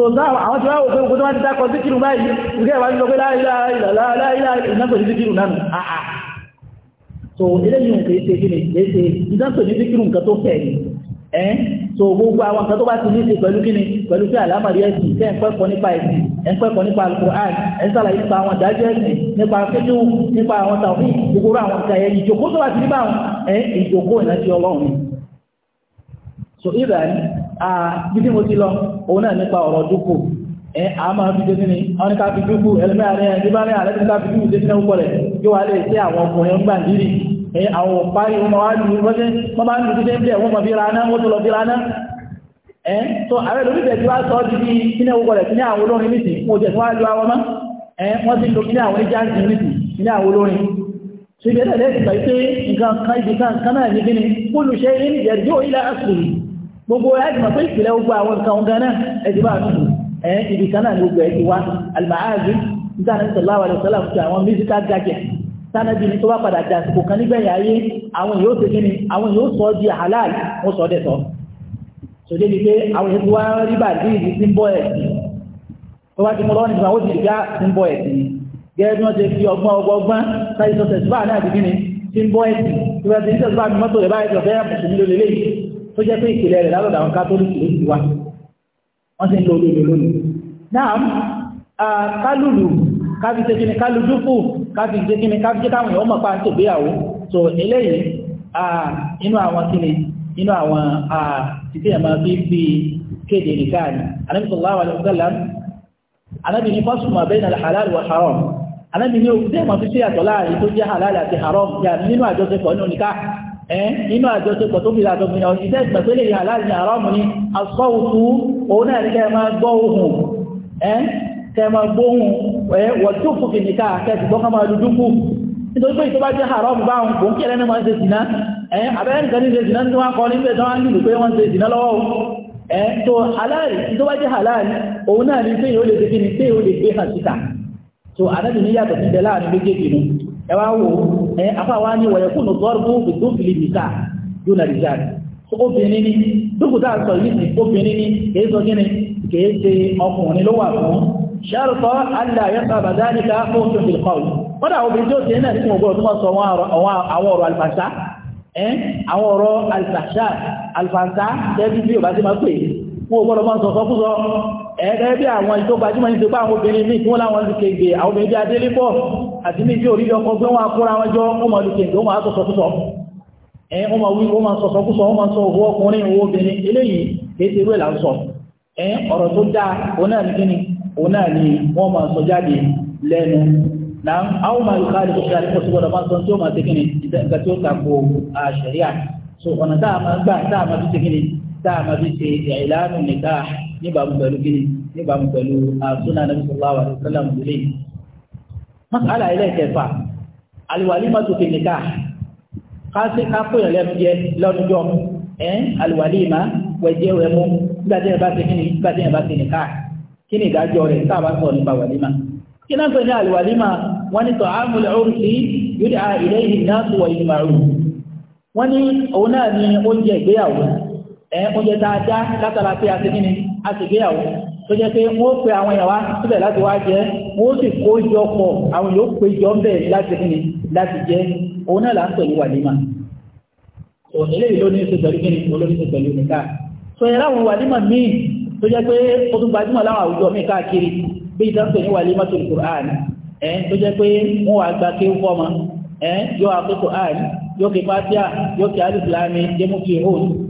so àwọn tí wá wò pé ogun wá ti dákọ̀ síkìrù báyìí ìgbẹ́ ìwà nílò pé láìláìláìlá ìnákò ní síkìrù náà àà so eléyìn òkè ṣe gíní léṣe ìdánkò ní síkìrù nǹkan tó fẹ̀ ní ẹ́ so gbogbo àwọn nǹkan tó bá ti ní ṣe pẹ̀lú kíni pẹ̀lú pé àlámàrí ẹ̀sìn tẹ́ ń kẹ́kọ̀ọ́ nípa ẹ̀sìn ẹ̀ ń kẹ́kọ̀ọ́ nípa alukur'an ẹ̀ ń sàlàyé nípa àwọn ìdájọ́ ẹ̀sìn nípa fíjú nípa àwọn tàwọn gbogbo àwọn nǹkan ẹ̀ ìjòkó tó bá ti nípa àwọn ẹ̀ ìjòkó ìrántí ọlọ́run so ìrà bí tí mo ti lọ òun náà nípa ọ̀rọ̀ dúkù ẹ a máa fi jẹ́sí ni wọ́n ní ká fi dúkù ẹlẹ́mẹ́rin ẹ̀dínbárin àlẹ́sí ká fi dúkù jẹ́sí náà pọ̀lẹ̀ yóò wá lè sí àwọn ọkùnrin ń gbàndírì ẹ àwọn òpárí wọn wá lù wọ́sẹ́ wọ́n bá ń lù títẹ́ bíẹ̀ wọ́n mọ̀ fi raná wọ́n tó lọ fi raná ẹ tó ààrẹ lórí ìbẹ̀ tí wá sọ di bí kíní ẹwọ́ pọ̀lẹ̀ kíní àwọn olórin nìsí mo jẹ̀ wá gbogbo ẹ̀dùnmọ̀ pé ìpìlẹ̀ gbogbo àwọn nǹkan ọ̀gá náà ẹ̀dùn bá nùkù ẹ̀ ibi kan náà ní gbogbo ẹ̀dùn wa alìmọ̀háàzì nítorí sallallahu alaihi wasallam fi àwọn musical gadget tánàbí ní tó bá padà dà sípò kan nígbẹ̀yà ayé àwọn yóò ṣe kíni àwọn yóò sọ di halal wọ́n sọ dẹ̀tọ́ tó débi pé àwọn yóò wá rí bàdí ìdí sí ń tó jẹ́ pé ìkìlẹ̀ rẹ̀ lálọ́dà àwọn kátólíkì ló ti wá wọ́n sì ń lo olóòlò lónìí náà kálùlù káfi jẹ́ kíni kálù dúfù káfi jẹ́ kíni káfi jẹ́ káwọn èèyàn mọ̀pá tó gbéyàwó so eléyìí inú àwọn kíni inú àwọn títí ẹ̀mọ́ bí fi kéde nìkan ni Ànábì sallallahu halal wa haram Ànábì ní òkú tẹ́ẹ̀mọ́ fi ṣe àtọ̀ láàrin tó halal àti haram yà nínú àjọṣepọ̀ nínú nìkan Eh, nínú àjọṣepọ̀ tó fi ìlàjọ mìíràn ìṣẹ́ ìgbẹ̀pẹ́lẹ̀ ìhà láàrin àrámù ní asọ́wùtú òun náà eh, eh, ní kẹ́ẹ̀má gbọ́ ohun kẹ́ẹ̀má gbóhun wọ̀n tó fòfì nìka kẹ́ẹ̀sì gbọ́ kọ́má dúdúkú nítorí pé ìtọ́bá jẹ́ àrámù bá ohun kòókì ẹ̀rẹ́ máa ń ṣe ìsìná abẹ́rẹ́ nìkan ní ṣe ìsìná tí wọ́n kọ́ ní ilé tí wọ́n ń lù pé wọ́n ṣe ìsìná lọ́wọ́ ẹ̀ tó halal tó bá jẹ́ halal òun náà ní pé yóò lè ẹ afáwa ní wọ̀nyẹ kúnnù gọ́ọ̀rùbù ìdókìlì nìta yóò nà rìjà obìnrin ni dókòtà sọ yìí ti obìnrin ni kìí sọ gíní kìí ṣe ọkùnrin ló wà fún ṣẹ́rùkọ́ aláyẹ́sọ àbádáníkà fún òṣèlú ìkọlù kọ́dà obìnrin ẹ̀ẹ́dẹ́ bí àwọn ìjọ gbajúmọ̀ ní ti pa àwọn obìnrin ní ìfún láwọn lù kéègbè àwọn obìnrin bí adélébọ̀ àti ní ìjọ orílẹ̀ ọkọ̀ gbé wọn akóra wọn jọ ọmọ lù kéègbè ó máa sọ̀sọ̀ kúsọ̀ ẹ̀ ọmọ wí ó máa sọ̀sọ̀ kúsọ̀ ó máa sọ owó ọkùnrin ni wọ́n máa sọ jáde lẹ́nu náà àwọn máa lùkà lè sọ̀rọ̀ àdìpọ̀ sí gbọ́dọ̀ máa sọ so ọ̀nà táà máa gbà táà tá a máa fi ṣe ìlànà nìka níbàámu pẹ̀lú gíní níbàámu pẹ̀lú àtúnà nàbí sallallahu alaihi wasallam lè. mọ́sálà ilé ìkẹfà alwalimatu fi nikah kasi ka ko yan lẹ́nu jẹ lọ́dún jọ ẹ́ alwalima wẹ̀jẹ̀ wẹ̀mú nígbà tí yẹn bá ti kíni nígbà tí yẹn bá ti nikah kí ni ìdájọ́ rẹ̀ tá a bá sọ̀rọ̀ nípa walima oúnjẹ dáadáa látara pé a ti kíni a ti gbéyàwó tó jẹ́ pé wọ́n pe àwọn ìyàwó síbẹ̀ láti wá jẹ wọ́n sì kó jọ pọ̀ àwọn yóò pé jọ bẹ̀ láti kíni láti jẹ òun náà là ń pè ní wàlímà eléyìí ló ní í ṣe pẹ̀lú kíni olórí ṣe pẹ̀lú nìka tó yẹ láwọn wàlímà míì tó jẹ́ pé ó tún gbajúmọ̀ láwọn àwùjọ míì káàkiri bí ìdáǹpè ní wàlímà tó Qur'an ẹ̀ tó jẹ́ pé wọ́n wà gba kéwú fọ́mọ ẹ̀ yóò àkókò àn yóò kí fásíà yóò kí alìsìlámi yóò mú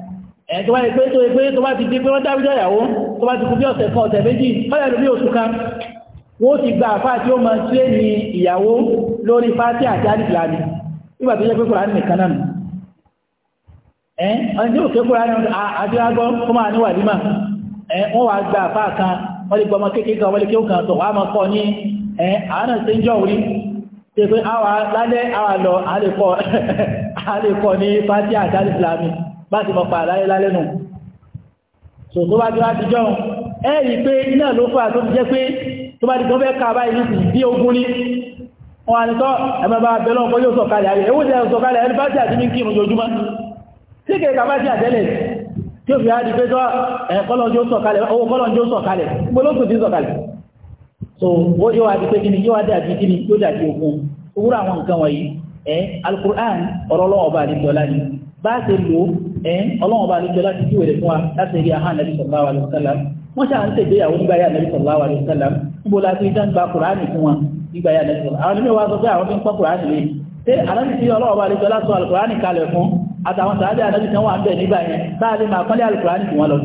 ẹ̀tọ́ wáyé pé tó ẹgbẹ́ tó bá ti di pé wọ́n dáwíjọ́ ìyàwó tó bá ti kú bí ọ̀sẹ̀ kan ọ̀sẹ̀ méjì fọ́yẹ̀ lórí oṣù kan wọ́n ti gba àfáà tí ó máa tí é ní ìyàwó lórí fásí àti alìfìlàní nígbà tó jẹ́ pé kòrán nìkan náà ẹ́ ọ̀nà tí ó ké kòrán àdírágbọ́ tó máa níwà límà ẹ́ wọ́n wá gba àfáà kan wọ́n *laughs* bá ti mọ̀ pàà láyé lálẹ́nu so tó bá jọ láti jọ ẹ̀rì pé iná ló fà tó jẹ́ pé tó bá di tó fẹ́ ká báyìí ní bí ogun ní wọn a ní tọ́ ẹmọba bẹ̀lọ́ ọkọ̀ yóò sọ̀kalẹ̀ ayé ewó jẹ́ sọ̀kalẹ̀ ẹni bá jẹ́ àti ní kírun jojúmọ́ tí kèrè kà bá jẹ́ àtẹ́lẹ̀ tí ó fi rádi pé tọ́ ẹ̀kọ́lọ́njó sọ̀kalẹ̀ owó kọ́lọ́njó sọ̀kalẹ̀ gbọ́lọ́sùn ti sọ̀kalẹ̀ so ó yóò wá di pé kíni yóò wá dàbí kíni yóò dàbí ogun owúrọ̀ àwọn nǹkan wọ̀nyí ẹ̀ alukur'an ọ̀rọ̀ ọlọ́wọ́ bá ṣe lò ẹ́ ọlọ́run bá níjọ láti kí wèrè fún wa láti rí àhán nàbí sallallahu alaihi wasallam wọ́n ṣáà ń tẹ̀gbéyàwó nígbà yà nàbí sallallahu alaihi wasallam níbo la ti dá gba kùránì fún wọn nígbà yà nàbí sallallahu àwọn onímọ̀ wa sọ pé àwọn fi ń pọ́ kùránì lé ṣé alábi tí ọlọ́run bá níjọ láti sọ alùkùránì kalẹ̀ fún àtàwọn sàádé alábi tí wọ́n bẹ̀ nígbà yẹn bá a lè máa pọ́nlé alùkùránì fún wọn lọ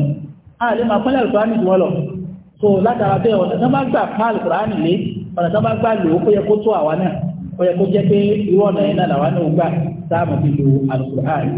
a lè máa pọ́nlé alùkùránì fún wọn lọ so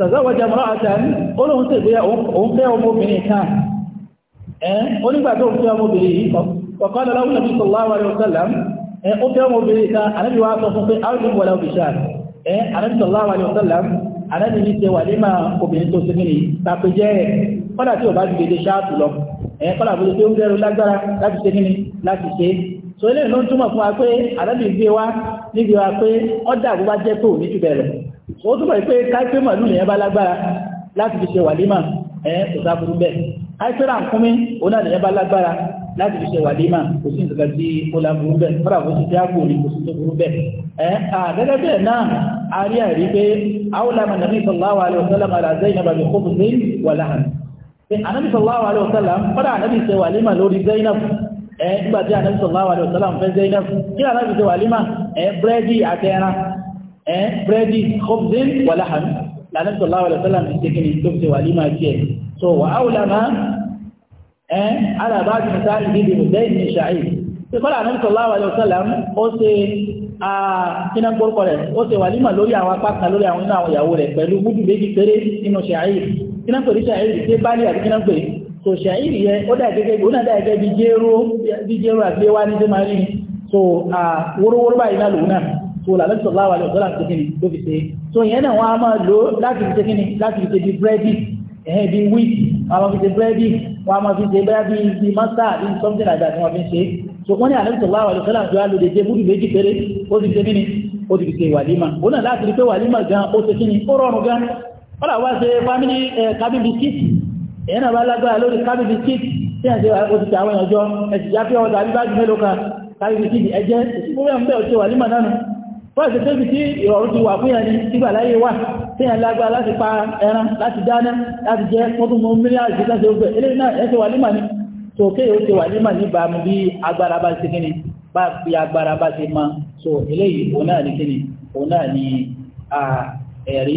tàzáwàjá mọ́ràn olóhun tè bóyá òun fẹ́ ọmọbìnrin kan ẹn onígbà tó fẹ́ ọmọbìnrin yìí kọ̀kọ́ lọ́wọ́ nàbí sallallahu alaihi wasallam ẹn ó fẹ́ ọmọbìnrin kan anábì wá sọ fún pé áwùjọ wọlé òbíṣà ẹn anábì sallallahu alaihi wasallam anábì ní ṣe wà níma obìnrin tó ṣe kíni tàpé jẹ́ ẹ̀ kọ́dà tí ò bá gbèdé ṣáàtù lọ ẹn ó túnbọ̀ pé káìpé màlúù nìyẹn bá lágbára láti fi ṣe wàlímà ẹ̀ kò sáfúrú bẹ́ẹ̀ káìpé ràkúnmí òun náà nìyẹn bá lágbára láti fi ṣe wàlímà kò sí nǹkan tí ó láburú bẹ́ẹ̀ fúnra kò sí jágò ní burú bẹ́ẹ̀ ẹ̀ àgẹ́gẹ́ bẹ́ẹ̀ náà a rí àrí pé àwòlámà nàbí kí anabi ṣe wàlímà ẹ̀ búrẹ́dì àtẹ́ran ẹ́ bírẹ́dì khubzin wa lahm lànà sallallahu alaihi wasallam ti tẹ́kì ní tó ṣe wà so wà áwùlà máa ẹ́ alábá ti sá ìdíbi hussein ní ṣàì tí kọ́lá àná sallallahu alaihi wasallam ó ṣe kíná gbórúkọ rẹ̀ ó ṣe wà ní mà lórí àwọn apá kan lórí àwọn inú àwọn ìyàwó rẹ̀ pẹ̀lú gúdù méjì péré nínú ṣàì kíná pèrè ṣàì ṣe bá ní àbí kíná pèrè so ṣàìrì yẹ ó dà gẹ́gẹ́ bí ó náà dà gẹ́gẹ́ bí jéró àgbéwá ní sí máa rí so wórówóró báyìí náà lòun náà tó so yẹn náà wọ́n á máa lò láti fi ṣe kíni láti fi ṣe bí búrẹ́dì ẹ̀hẹ́ bí wheat wọ́n á máa fi ṣe búrẹ́dì wọ́n á máa fi ṣe bẹ́ẹ̀ bí bí something like that so wọ́n ní àlẹ́ sọ láwà lọ dọ́là tó wà lóde jẹ́ múdù méjì péré ó ti ṣe kíni ó ti fi ṣe wàlímà ó náà láti rí pé wàlímà gan ó ṣe kíni ó rọrùn gan wọ́n là wá ṣe family eh, cabin biscuit ẹ̀yẹn náà bá lágbára lórí cabin biscuit tí a ṣe òṣìṣẹ́ àwọn ìyànjọ́ ẹ̀sì jápẹ́ ọ̀dà àbíbájú mélòó kan cabin biscuit ẹ̀jẹ̀ ìṣúgbó wọ́n ti tóbi tí ìrọ̀rùn ti wà fún ẹni tígbà láyé wà tí ẹ̀ lágbà láti pa ẹran láti dáná láti jẹ́ fọ́túnmù mílíọ̀nù sí láti ogbẹ̀ ilé náà ẹ̀ ti wà nímà ní tòkè ó ti wà nímà ní bàmù bí agbára bá ti kíni bá fi agbára bá ti ma so eléyìí òun náà ní kíni òun náà ní ẹ̀rí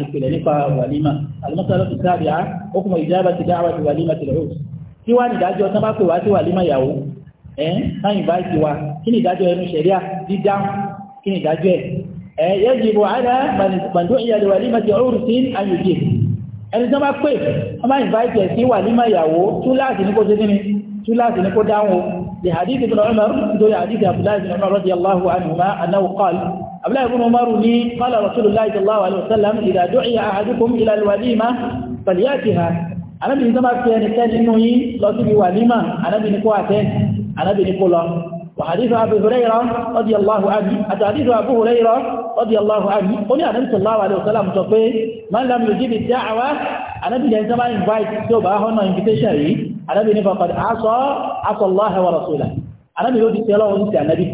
ìpìlẹ̀ nípa wàlímà alimọ́sára ti sáàbì á ó kùmọ̀ ìjábà ti dáhàwà ti wàlímà ti lọ́wọ́ kí wá nìdájọ́ tán bá pè wá sí wàlímà ìyàwó ẹ̀ sáyìn bá ti wá kí nìdájọ́ kí ni ìdájọ́ ẹ̀ ẹ̀ yẹ́ jìbò àdá bàndó ìyàlẹ̀ wà límà ti ọrùn sí àyòjì ẹni tó bá pè wọ́n bá invite ẹ̀ sí wà límà ìyàwó túláàsì ní kó ṣe kíni túláàsì ní kó dáhùn lè hadith ibn umar nítorí hadith abdullahi ibn umar radiyallahu anhuma annahu qala abdullahi ibn umar ni qala rasulullah sallallahu alaihi wasallam idha du'iya ahadukum ila alwalima falyatiha anabi ni tó bá pè ẹnikẹ́ni nínú وحديث أبي هريرة رضي الله عنه حديث أبو هريرة رضي الله عنه قال النبي صلى الله عليه وسلم تقول من لم يجيب الدعوة أنا بني عندما invite تو بقى هنا invitation أنا بني فقد عصى عصى الله ورسوله أنا بني ودي سيلا ودي النبي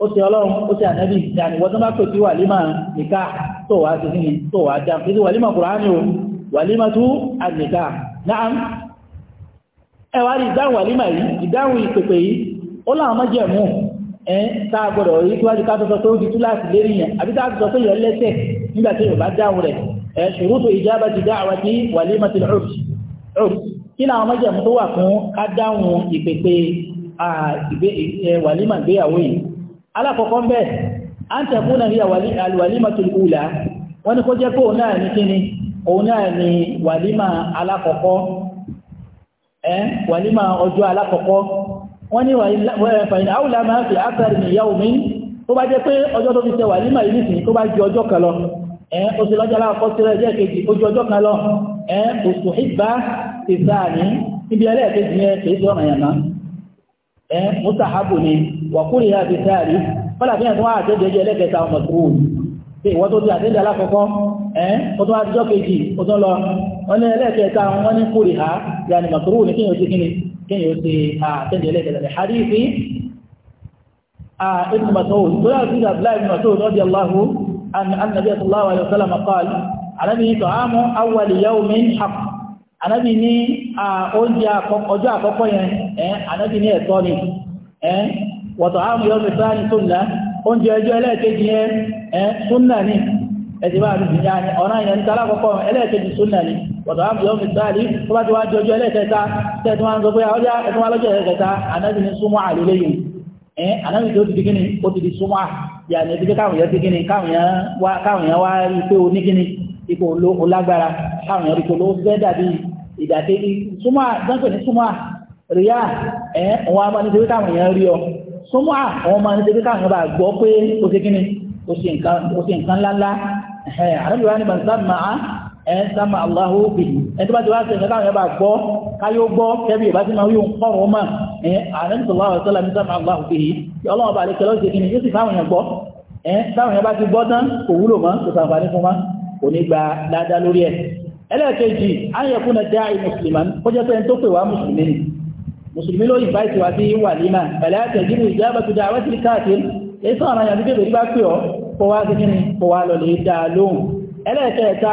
ودي الله ودي النبي يعني وزما كنت ولما نكاح تو هذه تو هذا في ولما قرآن ولمة النكاح نعم ẹ wá rí ìdáhùn àlímà ó láwọn májẹ̀mú ẹ̀ tá a gbọ́dọ̀ yí tíwájú ká tọ́tọ́ tó di túláàsì lérí yẹn àbí tá a sọ pé yẹn lẹ́sẹ̀ nígbà tí yóò bá dáhùn rẹ̀ ẹ̀ ṣùrùtù ìjábá ti dáhùn àti wàlímà ti rùs kí láwọn májẹ̀mú tó wà fún ká dáhùn ìpèpè wàlímà gbéyàwó yìí alákọ̀ọ́kọ́ bẹ́ẹ̀ wọ́n ní eh, fàyìn àwùlà máa fi àtàrí ní ìyàwó mi tó bá jẹ́ pé ọjọ́ tó fi ṣe wà nímà ìlú ìsìn tó bá ju ọjọ́ kan lọ ẹ̀ẹ́n oṣù lọ́jọ́ aláwọ̀kọ́ sílẹ̀ jẹ́ kejì ó ju ọjọ́ kan lọ ẹ̀ẹ́n oṣù ìgbà ìsáàní níbi ẹlẹ́ẹ̀kejì yẹn kìí sọ ọ̀ràn yàmá ẹ̀ẹ́n mustahabu ni wàkúrì yà fi sáàrí fọ́lá ni màkúrò ní kéèyàn ṣe àtẹ́jẹ́ lẹ́gbẹ̀ẹ́ hadithi ibn Mas'ud tó yà sí Abdullahi ibn Mas'ud radiyallahu annabi sallallahu alaihi wasallam qala anabi ni ta'amu awwal yawmin haqq anabi ni oúnjẹ ọjọ́ àkọ́kọ́ yẹn anabi ni ẹ̀tọ́ ni wa ta'amu yawmin thani sunnah oúnjẹ ọjọ́ ẹlẹ́ẹ̀kejì yẹn sunnah ni ẹ̀sìn bá àdúgbò ní àní ọ̀nà ìyẹn níta alákọ̀ọ́kọ́ ẹlẹ́ẹ̀kejì súnà ni wọ̀tọ̀ àmì ọmọ ìsáàlì tó bá ti wá jọjọ ẹlẹ́ẹ̀kẹta tẹ́ẹ̀tì wọn sọ pé ọjà ẹ̀tún wá lọ́jọ́ ẹlẹ́ẹ̀kẹta anábì ní súnmọ́ àlélé yìí ẹ̀ anábì tó ti di kíni ó ti di súnmọ́ yàní ti káwọn yẹn ti kíni káwọn yẹn wá rí pé o ní kíni ipò olágbára káwọn yẹn rí pé o fẹ́ dàbí ìdàkejì súnmọ́ dáńpẹ̀ ní súnmọ́ ríyà ẹ̀ wọn a máa àrẹ́lú wani mọ̀sánmàá ẹn sánmà aláhù bí ẹn tó bá ti wá sẹ́yìn láwọn ẹbà gbọ́ káyó gbọ́ kẹbí ìbá tí máa yóò kọrùn ọmọ ẹn àrẹ́lú sọ̀láwọ̀ sọ́lá ní sánmà aláhù bí i ọlọ́wọ́ bá lè kẹlọ́ sí kí ni yóò sì fáwọn ẹgbọ́ ẹn sáwọn ẹbá ti gbọ́ tán kò wúlò mọ́ kò sàǹfààní fún mọ́ kò ní gba kó wá gẹ́gẹ́ ni kó wá lọ lè dá lóhùn ẹlẹ́ẹ̀kẹta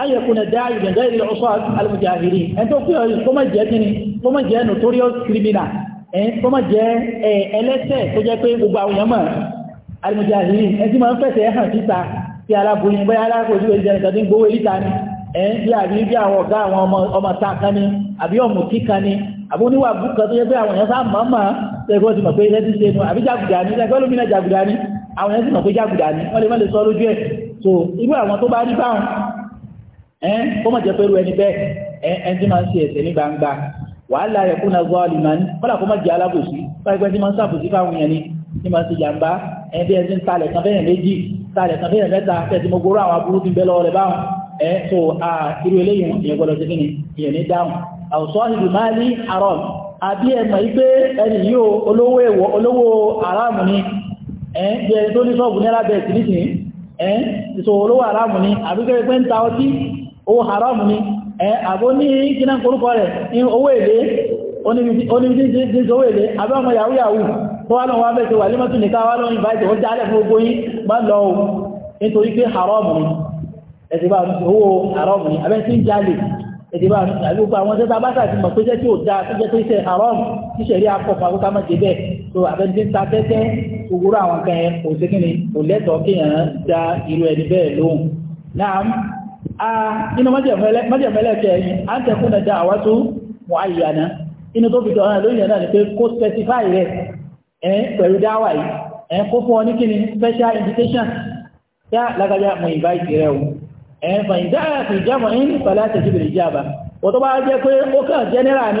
ayẹkùnà dá ìgbẹ̀dẹ́ ilẹ̀ ọ̀ṣọ́ alùmùjáhìrì ẹni tó pín ọyìn kó má jẹ́ kíni kó má jẹ́ notorious criminal ẹni kó má jẹ́ ẹlẹ́ṣẹ̀ tó jẹ́ pé gbogbo àwọn èèyàn mọ̀ alùmùjáhìrì ẹni tí máa ń fẹ̀sẹ̀ hàn síta tí aláboyún bẹ́ẹ̀ alákòójú ẹ̀jẹ̀ nìkan tí ń gbowó kan tó yẹ pé àwọn èèyàn sá mọ̀ọ́mọ̀ ti mọ̀ pé ilẹ̀ ti ṣe nu àbí jàgùdà ni ẹgbẹ́ lómìnira jàgùdà ni àwọn ẹ̀sìn mọ̀ pé jágùdà ni wọ́n lè mọ́ lè sọ lójú ẹ̀ so irú àwọn tó bá rí báwọn ẹ̀ ó mọ̀ jẹ́ pé irú ẹni bẹ́ẹ̀ ẹ̀ ẹni tí máa ń ṣe ẹ̀ṣẹ̀ ní gbangba wàhálà ẹ̀kún náà gbọ́ àlùmá ní kọ́là kó má jẹ́ alábòsí pẹ́ẹ́pẹ́ tí máa ń sàbòsí fáwọn èèyàn ni tí máa ń ṣe jàǹbá ẹ̀ bí ẹni talẹ̀ kan fẹ́yàn méjì talẹ̀ kan fẹ́yàn mẹ́ta tẹ̀sí mo gbóró àwọn rẹ̀ báwọn ẹ̀ so irú eléyìí ìyẹn gbọ́dọ̀ ṣe kí ni ìyẹn ní dáhùn àwùsọ́ ìlú máa ní àrọ́ọ̀mù àbí ẹ̀mọ̀ yìí pé ẹni yóò olówó ẹ́ jẹ́ tó ní sọ́ọ̀bù ní alábẹ̀ sí nìsìn ẹ́ ìṣòwò olówó haramu ni àbíkẹ́ pé ń ta ọtí owó haramu ni ẹ́ àbó ní kíná korúkọ rẹ̀ ní owó èlé oníbíjíjí owó èlé abẹ́ọmọ yahoo yahoo tó wá lọ́wọ́ abẹ́ ti wà límọ́tún nìkan wá lọ́wọ́ ìbáyìí o nítorí pé haramu ni ẹ̀sìnbá owó haramu ni abẹ́ sí ń jalè ẹ̀dìbà àgbègbè àwọn tẹ́tà bá sàti mọ̀ pé jẹ́ tí ó dáa tó jẹ́ tó ṣe haram tí ṣẹ̀rí akọ̀fà kó ká má ṣe bẹ́ẹ̀ tó àbẹ́ntí ń ta tẹ́tẹ́ gbogbo àwọn kan yẹn kò sí kíni kò lẹ́tọ̀ọ́ kéèyàn dá irú ẹni bẹ́ẹ̀ lóhùn náà a nínú májẹ̀mẹ́lẹ̀ kẹrin a ń tẹ̀kún dada àwátú wọ́n àyíyàná inú tó fi tọ́ ọ̀rọ̀ lóyìn náà ni pé kó specify rẹ̀ ẹ̀ pẹ̀lú dáwà yìí ẹ̀ kó fún ọ ní kíni special invitation yá lágbàjá mọ̀ invite rẹ̀ o ẹ̀ fàyíndá àti ìjámọ̀ ní pẹ̀lú àtẹ̀síbìrì ìjábà wọ́n tó bá jẹ́ pé ó kàn general ni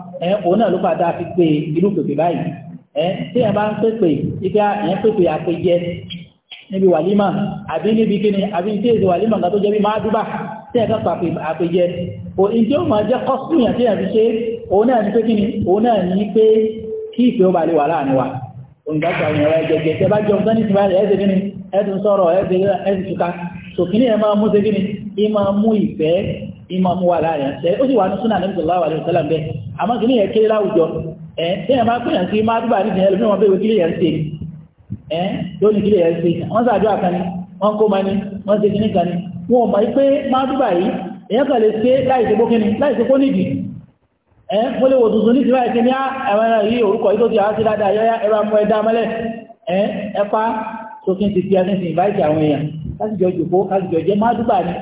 ẹ òun náà ló padà fi pé irú pèpè báyìí ẹ tí ẹ bá ń pèpè ipa ẹ pèpè àpèjẹ níbi wàlímà àbí níbi kíni àbí tí èdè wàlímà nǹkan tó jẹ́ bí máa dúbà tí ẹ kápá àpèjẹ o ní tí ó máa jẹ́ kọ́sùmìyàn tí ẹ fi ṣe òun náà ní pé kíni òun náà ní pé kí ìpè ó bá lè wà láàrin wa òǹdàkọ̀ àwọn ẹ̀rọ ẹ̀jẹ̀jẹ̀ tẹ́ bá jẹun tán ní ti báyìí ẹ̀ẹ́sẹ̀ kíni ẹ̀ẹ́sùn sọ̀rọ̀ ẹ̀ẹ́sùn ṣùkà sòkínì ẹ̀ máa mú ṣe kíni ì máa mú ìfẹ́ ìmọ̀ mú wà láàrin ẹ̀ ó sì wà ní súnà Ànábì sallallahu alaihi wasallam bẹ́ẹ̀ àmọ́ kì ní ẹ̀ kéré láwùjọ ẹ̀ tí ẹ̀ máa pèèyàn sí máa dúbà ní ìdíyẹn lómi wọn bẹ́ẹ̀ kílé yẹn ṣe ẹ̀ lóní kílé yẹn ṣe wọ́n sàdúrà kan ni wọ́n kó mani wọ́n ṣe kíní kan ni wọn ò mọ̀ pé máa dúbà yìí èèyàn kan lè ṣe láìsí kó kíni láìsí kó nídìí ẹ̀ ah, tó ti àwọn ti fi ẹni sí ìbáìsì àwọn èèyàn láti jọ jòkó láti jọ jẹ́ máa dúbà ni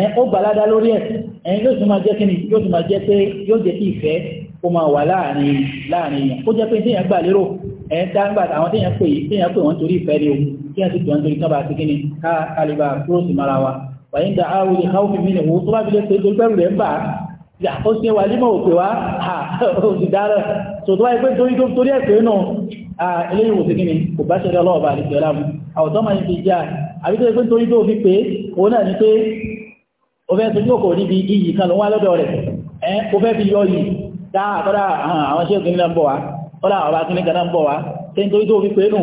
ẹ̀ ó gbàládá lórí ẹ̀ ẹ̀ yóò tún máa jẹ́ kí ni yóò tún máa jẹ́ pé yóò jẹ́ kí ìfẹ́ ó máa wà láàrin láàrin èèyàn ó jẹ́ pé téèyàn gbà lérò ẹ̀ dáńgbà àwọn téèyàn pè yìí téèyàn pè wọ́n torí ìfẹ́ ni o kí wọ́n ti pè wọ́n torí kábàá sí kí ni ká kálíbà kúrò sí mara wa wàyí ń da áwò lè káwó fi mí lè wò tó bá fi lè pè é torí pẹ́rù rẹ̀ ń bà á ó ṣe wà nímọ̀ òpè wá ó sì tó tó fi pé ó fẹ́ tó jókòó níbi iyì kan ló wá lọ́dọ̀ rẹ̀ ẹ́ ó fẹ́ fi yọ yìí dá àkọ́dá àwọn ṣe òkè nílẹ̀ ń bọ̀ wá kọ́dá àwọn akíní kan náà ń bọ̀ wá ṣe ń torí tó fi pé nù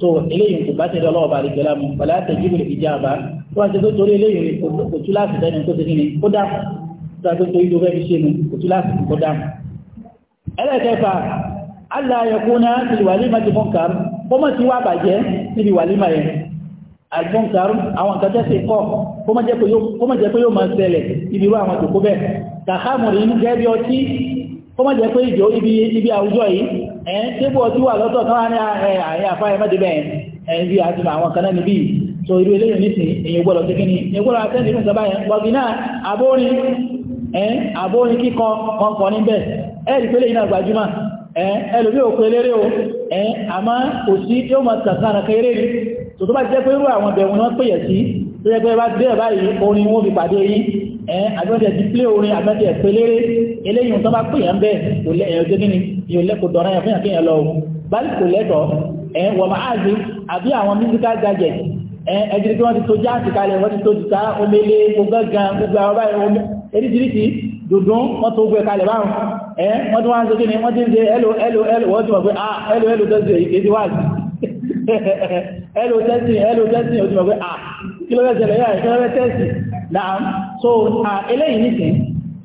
tó eléyìí kò bá ti dọ́ lọ́wọ́ balẹ̀ gẹ́lá mu pẹ̀lú àtẹ̀jú ìjà àbá tó wá ṣe tó torí eléyìí kò tú láti dẹ́nu tó ti ní kó dá tó wá torí tó fẹ́ fi ṣe nù kò tú láti kó dá. ẹlẹ́kẹ̀fà aláyọ̀kúnná ti wàlímà ti fọ́nkà bọ́mọ̀ àgbọ́nkarú àwọn nǹkan tẹ́sí kọ́ kó má jẹ́ pé yóò máa ṣẹlẹ̀ ibi irú àwọn tòkó bẹ́ẹ̀ tàhámùrí inú gẹ́bí ọtí kó má jẹ́ pé ìjọ ibi àwùjọ yìí ẹ̀yìn tébù ọtí wà lọ́tọ̀ tán wá ní àárín àfáyẹ mẹ́dẹ̀bẹ̀ ẹ̀yìn bí so irú eléyìn nísìn èyàn gbọ́dọ̀ tí kíní èyàn gbọ́dọ̀ atẹ́ndì ní ìjọba yẹn gbọ́gì náà abórin ẹ̀yìn abórin kíkọ kọ̀ọ̀kan níbẹ̀ ẹ̀rì pé lẹ́yìn náà gbajúmọ̀ ẹ̀yìn ẹlòmí òkú eléré o ẹ̀yìn tó tó bá jẹ́ pé irú àwọn bẹ̀rù wọn pèyẹ̀ sí tó jẹ́ pé bá dé ẹ̀ báyìí orin wọn fi pàdé yín ẹ̀ àgbẹ̀tẹ̀ ti pílé orin àgbẹ̀tẹ̀ pélére eléyìí tó bá pèyàn ń bẹ̀ kò lẹ́ ẹ̀yọ́ dé kíni yóò lẹ́kọ̀ọ́ dọ̀rọ̀ yẹn fẹ́yàn kéèyàn lọ wọ́n tó omele gbogbo gan gbogbo àwọn báyìí eríṣiríṣi dùndún wọ́n tó gbé kalẹ̀ báwọn ẹ̀ wọ́n ti wá ń ṣe kíni wọ́n ti ń ṣe ẹlò ẹlò ẹlò wọ́n ti mọ̀ pé ah ẹlò ẹlò tó ṣe èyí kéde wáàsì ẹlò tẹ́sì ẹlò tẹ́sì ó ti mọ̀ pé à ah, kí ló rẹ̀ tẹ́lẹ̀ yà kí ló rẹ̀ tẹ́sì náà so ah, eléyìí nìkan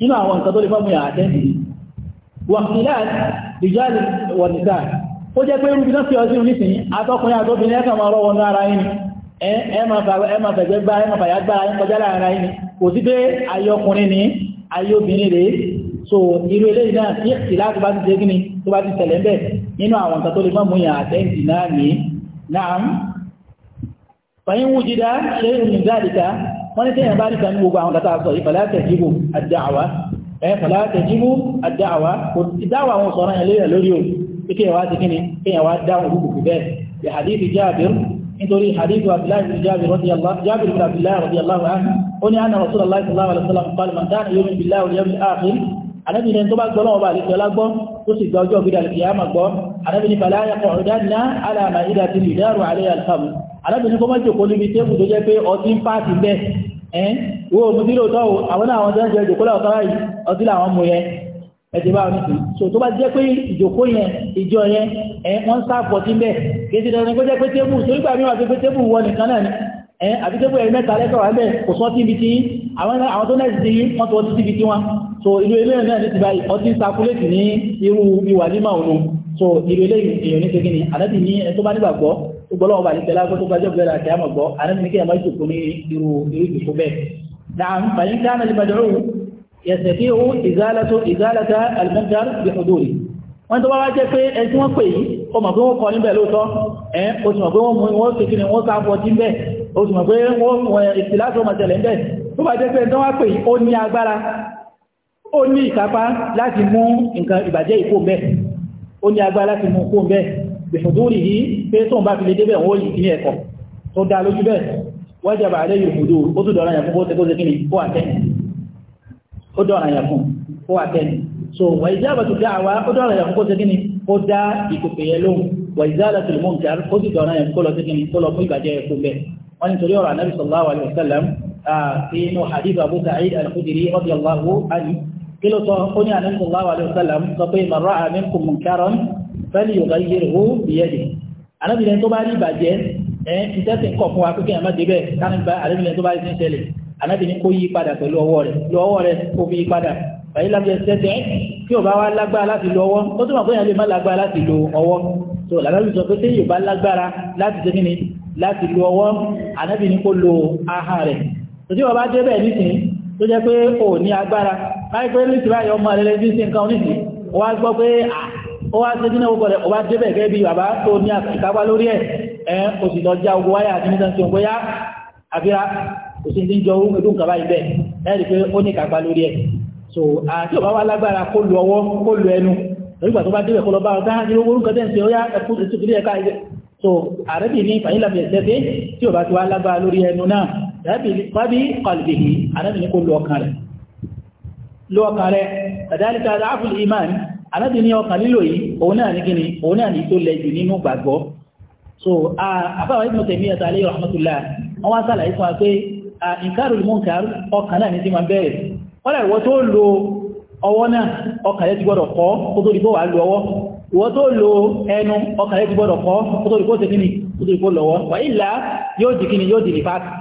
inú àwọn nǹkan tó lè fọ́mù yà tẹ́sì wàkìlá ìjáde wọ̀nìká ó jẹ́ pé rúbi náà fi ọdún nísìn atọ́kùnrin àtọ́bìnrin ẹ́kà máa rọwọ́ ní ara yìí ẹ̀mà fẹ̀gbẹ́ gbá ẹ̀mà fàyà gbá ayé kọjá láàrin ayé kò sí pé ayé ọkùnrin ní ayé obìnrin rèé so irú eléyìí náà tí ìlà tó bá ti jẹ́ gíní tó bá ti tẹ̀lẹ̀ ń bẹ̀ nínú àwọn nǹkan tó lè mọ́ mú yàn àtẹ́ǹtì náà nìí Naam. Fàyín wùjídá ṣe ìrìn záàdìta, wọ́n ni tẹ́yìn bá ní kan gbogbo àwọn kàtà sọ ìfàlátẹ̀ jíbò àdáàwá. Ẹ fàlátẹ̀ jíbò àdáàwá, kò ti dáwà àwọn sọ̀rọ̀ yẹn lérẹ̀ lórí o, kíkẹ́ wá ti kíni, kíyàn Jabir, nítorí hadithi Abdullahi Jabir radiyallahu anhu, ó ní anna Rasulullah sallallahu alaihi wasallam qala man kana yu'minu anábìnrin tó bá gbọ́ lọ́wọ́ bá àlejò lágbọ́ tó sì gba ọjọ́ òbí dàlùkì yá máa gbọ́ anábìnrin fàlẹ́ ayẹ́kọ̀ ọ̀dánná alàmà ìdá ti lè dárò àlẹ́ àlùfàmù anábìnrin kó mọ́jò kó níbi tébù tó jẹ́ pé ọtí ń pààtì bẹ́ẹ̀ ẹ́ wo mo ti lóòótọ́ o àwọn náà àwọn tó ń jẹ ìjòkó lọ́wọ́ sára yìí ọtí làwọn mú yẹn ẹ̀sìn bá wọn sùn tó bá jẹ́ pé ìjòkó yẹn ìjọ yẹn ẹ̀ wọ́n àti tébù ẹ̀rí mẹ́ta lẹ́kọ̀ọ́ wà kò sọ́ síbi tí àwọn tó náà ti wọ́n tó síbi tí wọn so irú ilé náà ní ti báyìí ọtí ń sakuléètì ní irú ìwà ní òun so irú ilé èèyàn ní segin ni ànábì ní ẹni tó bá nígbàgbọ́ tó gbọ́ lọ́wọ́ bá ní tẹ́lá tó gbájọ́ bẹ̀rẹ̀ àti àmọ̀ gbọ́ ànábì ní kí ẹ máa jòkó ní irú irú ìjòkó bẹ́ẹ̀ náà fàyín ká náà lè máa dọ̀rọ̀ yẹ̀sẹ̀kí ó ìzálàtó ìzálàtá alimantar bí ọdún wọ́n tó bá wá jẹ́ pé ẹni tí wọ́n pè yìí ó mọ̀ pé wọ́n kọ ó ní agbára ó ní ìkápá láti mú nǹkan ìbàjẹ́ ìkó mẹ́ ó ní agbá láti mú kó mẹ́ bẹ̀fọ̀dúrì yìí pé tó ń bá fi lè débẹ̀ wọ́n yìí kí ní ẹ̀kọ́ tó dá lójú bẹ́ẹ̀ wájàbà alẹ́ yìí fòdó ó tún dọ̀rọ̀ àyàfún kó tẹ́kọ́ tẹ́kí ni kó àtẹ́ ó dọ̀rọ̀ àyàfún kó àtẹ́ so wàìjábà tó dá àwa ó dọ̀rọ̀ àyàfún kó tẹ́kí ni kó dá ìkòkè yẹn lóhùn wàìjábà tó lè mú nǹkan ó sì dọ̀rọ̀ àyàfún kó lọ tẹ́kí ni lọ fún ìbàjẹ́ ẹ̀kọ́ bẹ́ẹ̀ wọ́n ní torí ọ̀rọ̀ anábì sallallahu alaihi wasallam fi ah, inú hadith abu sa'id al-khudri radiyallahu anhu kí ló sọ ó ní àníkù láwà lè sálà ń sọ pé màrá àníkù mùnkárọ̀n fẹ́lì yóò gáyé hó bìyẹ́dì anábìnrin tó bá rí ìbàjẹ́ ẹ iṣẹ́ ti ń kọ̀ fún wa pé kí ẹ̀ má débẹ̀ kánìbá anábìnrin tó bá rí ní ṣẹlẹ̀ anábìnrin kó yí padà pẹ̀lú ọwọ́ rẹ̀ lu ọwọ́ rẹ̀ kó fi yí padà bàyí lábẹ́ ṣẹ́tẹ́ kí ò bá wá lágbára láti lo tó jẹ́ pé o ní agbára láì pé ní ìtura ìyọ́ ọmọ rẹ̀ bí sí nǹkan oníṣìí o wá gbọ́ pé ó wá sí nínú ọgbọ̀rẹ̀ o wá débẹ̀ gẹ́gẹ́ bí bàbá tó ní ìkápá lórí ẹ̀ ẹ̀ já ogun wáyà àti nítorí tí ó àbíra kò sí ní jọ orúkọ kàbá ibẹ̀ ẹ̀ pé ó ní ìkápá lórí ẹ̀ so àti ọba wá lágbára kó lu ọwọ́ kó lu ẹnu nígbà tó bá débẹ̀ kó lọ bá ọ̀gá ní orúkọ tẹ́ǹsì ó ẹkú ìtùkìlẹ̀ ẹ̀ka so àrẹ́bì ní ìfàyílàmì ẹ̀sẹ̀ tí ò bá ti wá lágbára lórí ẹnu náà fábí kọlùbìhì anábì ní kó lọ ọkàn rẹ̀ lọ ọkàn rẹ̀ tàdálíkà ráfùl imán anábì ní ọkàn lílò yìí òun náà ní kíni òun náà ní tó lẹ jù nínú gbàgbọ́ so àbáwá ibùn tẹ̀mí ẹ̀ta alayhi rahmatullah wọ́n wá sàlàyé fún wa pé inkarul munkar ọkàn náà ní ti máa bẹ̀rẹ̀ wọ́n láì wọ́n tó lo ọwọ́ náà ọkàn rẹ̀ ti gbọ́dọ̀ kọ́ kó tó dìbò wà lọ ọwọ́ ìwọ́n tó lo ẹnu ọkàn rẹ̀ ti gbọ́dọ̀ kọ́ kó tó dìbò tẹ̀kíní kó tó dìbò lọ́wọ́ wà ìlà yóò dìkíní yóò dìbò fáàkì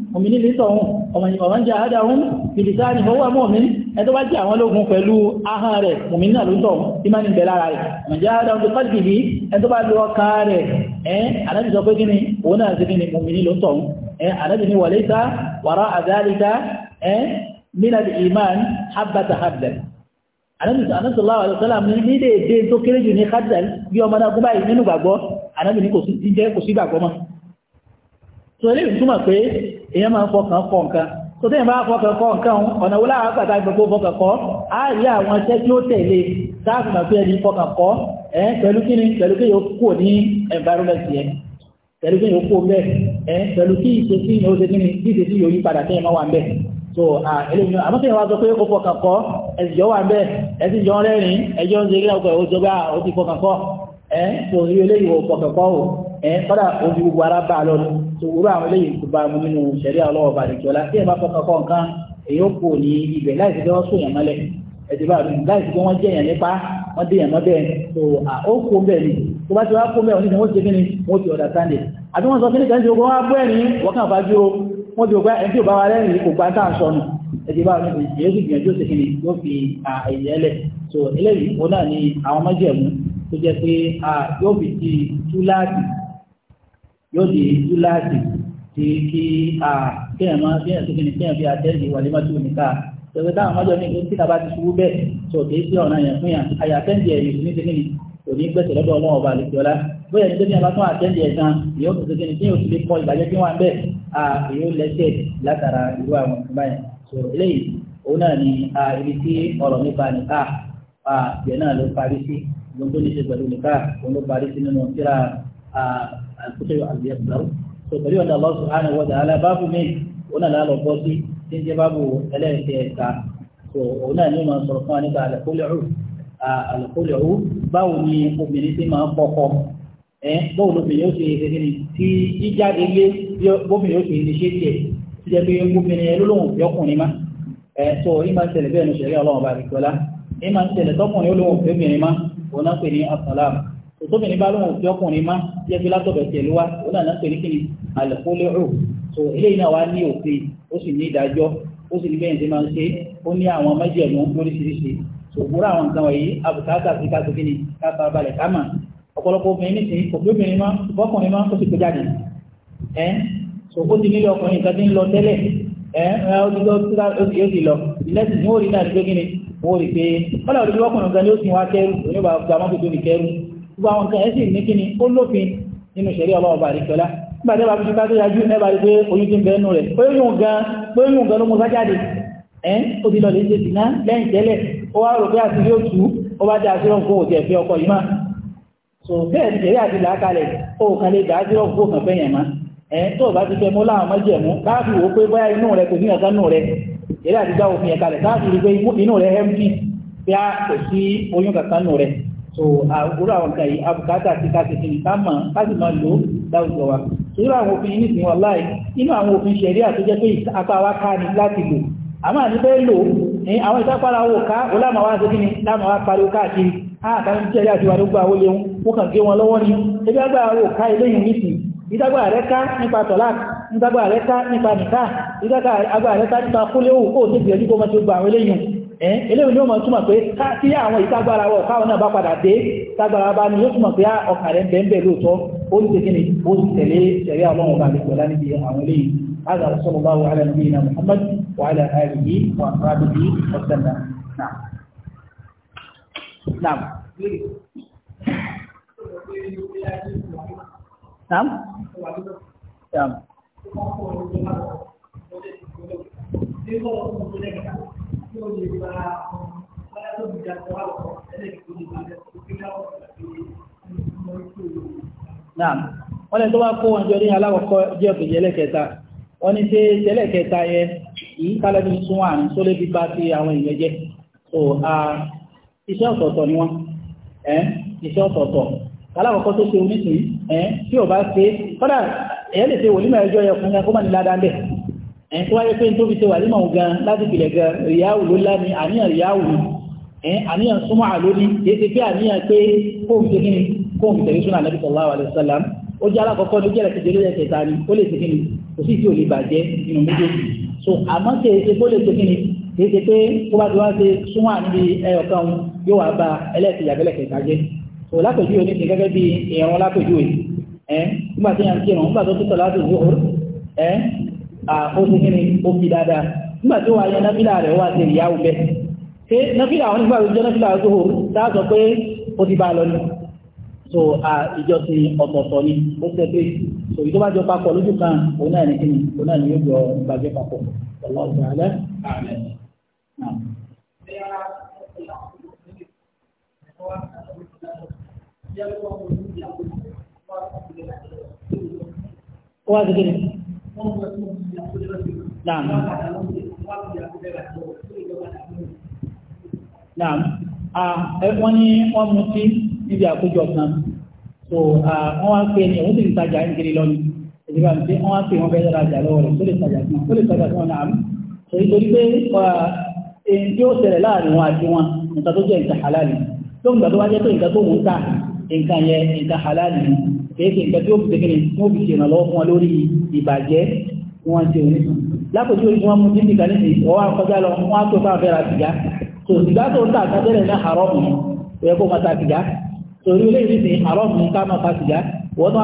òmìnì lítọ̀ ohun ọmọnì ọ̀rán jẹ́ àádá ohun ìdìsá ni fọwọ́ mọ́mìn ẹ̀tọ́ bá jẹ́ àwọn ológun pẹ̀lú ahán rẹ̀ òmìnì náà lótọ̀ ìmáni bẹ̀ lára rẹ̀ ọ̀jẹ́ àádá ohun tó kọ́ jìbí ẹ̀tọ́ bá lọ ká rẹ̀ ẹ́ àdájú sọ pé kíni òun náà sí kíni òmìnì lótọ̀ ẹ́ àdájú ni wọlé sá wàrá àdáríta ẹ́ mílẹ̀ ìmán hábàtà hábàtà anabi sallallahu alaihi wasallam ni ni déédéé tó kéré jù ní khadal ọmọ ni jẹ́ kò sí gbàgbọ́ mọ́ èyàn máa ń fọkàn kọ nǹkan tó tẹ́yìn bá fọkàn kọ nǹkan ọ̀nà wúlá àpàtà gbogbo fọkàn kọ́ á rí àwọn iṣẹ́ tí ó tẹ̀lé sáàfin àti ẹni fọkàn kọ́ ẹ̀ pẹ̀lú kí ni pẹ̀lú kí yóò kú ní environment yẹn pẹ̀lú kí yóò kú bẹ́ ẹ̀ pẹ̀lú kí ìṣe sí ní so eléyìí àmọ́ tẹ́yìn wá sọ pé ó fọkàn kọ́ ẹ̀sìnjọ́ wà bẹ́ ẹ̀sìnjọ́ rẹ́rìn ẹjọ́ ń ṣe ilé ọkọ̀ òjọba ó ti fọkàn kọ́ ẹ̀ so eléyìí ò fọkàn kọ́ ojú gbogbo ara bá a sòwúrò àwọn eléyìí kò bá mu nínú sẹ̀rí ọlọ́wọ́ bàdé kí ọlá tí ẹ bá fọkàn kọ́ nǹkan èyí ó kò ní ibẹ̀ láì sí pé wọ́n sòyàn mọ́lẹ̀ ẹ̀sìn bá mi láì sí pé wọ́n jẹ̀yàn nípa wọ́n dẹ̀yàn mọ́bẹ̀ tó à ó kó bẹ̀ ni tó bá ti wá kó bẹ̀ oníṣẹ́ wọ́n ti kí ni wọ́n ti ọ̀dà sáńdẹ̀ àbí wọ́n sọ kí ni kàn ń ṣe ogun wá bọ́ ẹ̀rín wọ́n kàn wọ́n ti ògbà ẹ̀ńtí òbá wa lẹ́rìn yóò di túláàsì tí kí a kí máa bí ẹ̀ kí ni kí ẹ̀ fi àtẹ́ẹ̀dì wà lẹ́mọ́tò nìka tẹ̀wé táwọn ọmọdé ní ìlú títà bá ti ṣubú bẹ́ẹ̀ tó kì í sí ọ̀nà yẹn fún yàn àyà àtẹ́ǹdì ẹ̀ yìí ní tẹ́kínì kò ní gbẹ̀sẹ̀ lọ́dọ̀ ọlọ́run ọba àlejòọlá bóyá ní tẹ́kínì abátún àtẹ́ǹdì ẹ̀ gan yóò fi tẹ́kínì tí kí so eléyìí òun ni a ibi tí ọ̀rọ̀ nípa nìka a yẹn náà ló parí sí gbogbo ní ṣe pẹ̀lú nìka òun ló àkóso àbíyàgbọ́n tó pẹ̀lú ọ̀dà Allah subhanahu wa ta'ala báàbù mi òun náà lọ bọ́ sí tí ń jẹ́ báàbù ẹlẹ́ẹ̀kẹ́ ẹ̀ka tó òun náà ní ó máa sọ̀rọ̀ fún wa nípa àlẹ́kólẹ̀rù àlẹ́kólẹ̀rù báwo ni obìnrin ti máa ń kọ́kọ́ ẹ báwo lóbìnrin ó ṣe é ṣe ti jíjáde lé bóbìnrin ó ṣe é ṣe tiẹ̀ tó jẹ́ pé obìnrin ẹ lólóhùn òtóbìnrin bá lóhùn tí ọkùnrin má jẹ́ fi látọ̀bẹ̀ tẹ̀ ló wá ó náà náà pèlú kíni àlẹ́kólérò so eléyìí náà wá ní òfin ó sì ní ìdájọ́ ó sì ní bẹ́ẹ̀ ṣe máa ń ṣe ó ní àwọn májẹ̀mú lóríṣiríṣi so gbúrò àwọn nǹkan wọ̀nyí àbùkátà sí káṣí kíni káṣá balẹ̀ kámà ọ̀pọ̀lọpọ̀ obìnrin nísìnyí kò lóbìnrin má bọ́kùnrin má ó sì kó jáde ẹ́ so ó ti nílé ọkùnrin nǹkan tí ń lọ tẹ́lẹ̀ ẹ́ ó ti lọ ó ti lọ gbogbo àwọn nǹkan ẹ̀sìn ní kíni ó lófin nínú ìṣẹ̀rí ọlọ́ọ̀bà àríkọlá gbàdé bá fi bá tó yájú ẹbà rí pé oyún ti ń bẹ nù rẹ̀ pé yóò gan pé yóò gan ló mú sájáde ẹ́ ó ti lọ lè ṣe àti yóò tú ó so bẹ́ẹ̀ ti tẹ̀lé àti làákalẹ̀ ó kàn lè dáa sírọ̀ nǹkan kan fẹ́yìn ẹ̀má ẹ̀ tó bá ti fẹ́ mú láwọn mọ́jẹ̀mú káàfi wò pé bóyá inú rẹ̀ kò ní ọ̀kan nù rẹ̀ tẹ̀lé àti dá òfin ẹ̀kalẹ̀ káàfi rí pé inú rẹ̀ empty bí a kò sí oyún kankan rẹ̀ so àwòrán àwọn kan yìí abùkátà ti ká tètè ká mọ̀ ká sì máa lò ó láwùjọ wa sórí àwọn òfin yìí nìsín wàláì nínú àwọn òfin ṣẹ̀ríà tó jẹ́ pé apá wa ká ni láti lò àmọ́ àti bẹ́ẹ̀ lò ní àwọn ìsápára owó ká olámọ̀ wá sí kíni lámọ̀ wá pariwo káàkiri àtàrí ṣẹ̀ríà ti wà ló gba owó léwu wọ́n kàn gé wọn lọ́wọ́ ni ebi agbára owó ká eléyìí nìsín ìdágbà rẹ ká nípa tọ̀lák ìdágbà rẹ ká nípa nìká ìdágbà rẹ ká nípa kúléwò kó o sì gbìyànjú kó o máa ti gba àwọn eléyìí eléyìí ló mọ̀ túnmọ̀ pé tí àwọn ìtagbára wọ̀ káwọn náà bá padà dé tágbára bá ní yóò túnmọ̀ pé ah, ọkàn rẹ̀ bẹ́ẹ̀ bẹ́ẹ̀ lóòótọ́ ó ti tẹ̀lé ní ó ti tẹ̀lé ṣẹ̀rí ọlọ́run bá lè pẹ̀lá níbi àwọn eléyìí هذا رسول الله على نبينا محمد وعلى آله وأصحابه وسلم نعم نعم نعم نعم tó lè gba báyà tó gbìyà tó wà lọ ẹlẹ́yìn tó lè balẹ̀ tó fi dáwọ́ àti ọmọ ìlú. náà wọ́n lè tó wá kó wọn jọ ní aláwọ̀kọ́ jẹ́ òkèjì ẹlẹ́kẹta wọ́n ní ṣe ẹlẹ́kẹta yẹ yìí kálẹ́bí sún àrùn tó lè fi bá ti àwọn èèyàn jẹ́ so iṣẹ́ ọ̀tọ̀ọ̀tọ̀ ni wọ́n iṣẹ́ ọ̀tọ̀ọ̀tọ̀ aláwọ̀kọ́ tó ṣe oníṣìí tí ò bá ṣe kọ́dà èèyàn lè ṣe wòlímọ̀ ẹjọ́ yẹ fún yẹn kó má ní ládàá bẹ́ẹ̀ ẹ̀yìn tó wáyé pé tó fi ṣe wà nímọ̀ gan láti pìlẹ̀ gan ríyáwù ló lá ní àníyàn ríyáwù ẹ̀yìn àníyàn súnmọ́ àlórí èsì pé àníyàn pé kóhùn ṣe kíni kóhùn tẹ̀lé súnà nàbí sallallahu alaihi wasallam ó ni ó lè so àmọ́ ṣe èsì pé ó lè ṣe kíni kì í ṣe pé kó bá ti wá ṣe so lápèjú òní ti gẹ́gẹ́ bí ìrún lápèjú ẹ̀ nígbà tí yàn ń kírun nígbà tó ti ó ti kíni ó fi dáadáa nígbà tí ó wà yẹn náfílà rẹ̀ wà sí ìyáwó bẹ́ ṣe náfílà wọn nígbà ìjọ náfílà tó hò dáàsọ pé ó ti bá lọ ní so ìjọsìn ọ̀tọ̀ọ̀tọ̀ ni ó tẹ́gbẹ́ so ìjọba jọ papọ̀ lójú kan òun náà ní kíni òun náà ní yóò jọ ìgbàgbẹ́ papọ̀ ọlọ́run àlẹ́ Naam. Naam. Wọ́n ní wọ́n mú sí níbi àkójọ kan. So, wọ́n wá pé ní òun sì ń ń kiri lọ́nà. Ìjọba ti wọ́n wá pé wọ́n fẹ́ dára jà lọ́wọ́ rẹ̀ tó lè tajà sí wọn. Ó lè tajà sí wọn náà. So, nítorí pé èyí tí ó ṣẹlẹ̀ láàrin wọn àti wọn, nǹkan tó jẹ́ nǹkan halal. Lóògbà tó wá jẹ́ pé nǹkan tó ń ta nǹkan yẹn nǹkan halal kèéké nke tí ó fi tẹ́kẹ́ni wọ́n fi ṣe fún wọn lórí ìbàjẹ́ wọn ti oníṣùn lápòjú orí wọn mú ní ti kàní ọwọ́ akọjá lọ wọn á tó bá fẹ́ra sìgá tó sìgá tó ń ta àrọ́mù ẹ̀ kó máa ta sìgá àrọ́mù ká máa ta sìgá wọ́n tó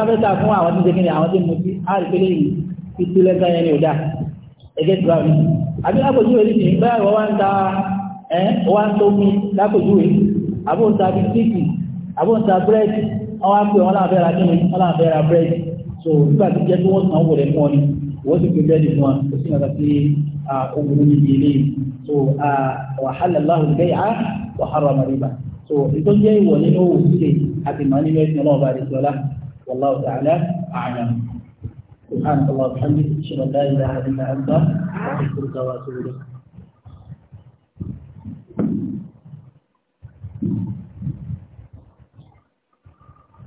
wá fẹ́ àwọn àpè wọn láàbẹ̀ ra kíni wọn láàbẹ̀ ra búrẹ́dì so nígbà tó jẹ́ pé wọ́n sanwó rẹ̀ fún ọ ni wọ́n ti pè búrẹ́dì fún wa kò sí nǹkan sí ogun níbi ilé so wàhálà láhùn bẹ́ẹ̀ á wàhálà màríba so nítorí jẹ́ ìwọ̀ nínú òwò sílẹ̀ àti màá nínú ẹ̀sìn ọlọ́ọ̀bà rẹ̀ sọlá wàláwù tààlà àyàn سبحانك اللهم وبحمدك اشهد ان لا اله الا انت استغفرك واتوب اليك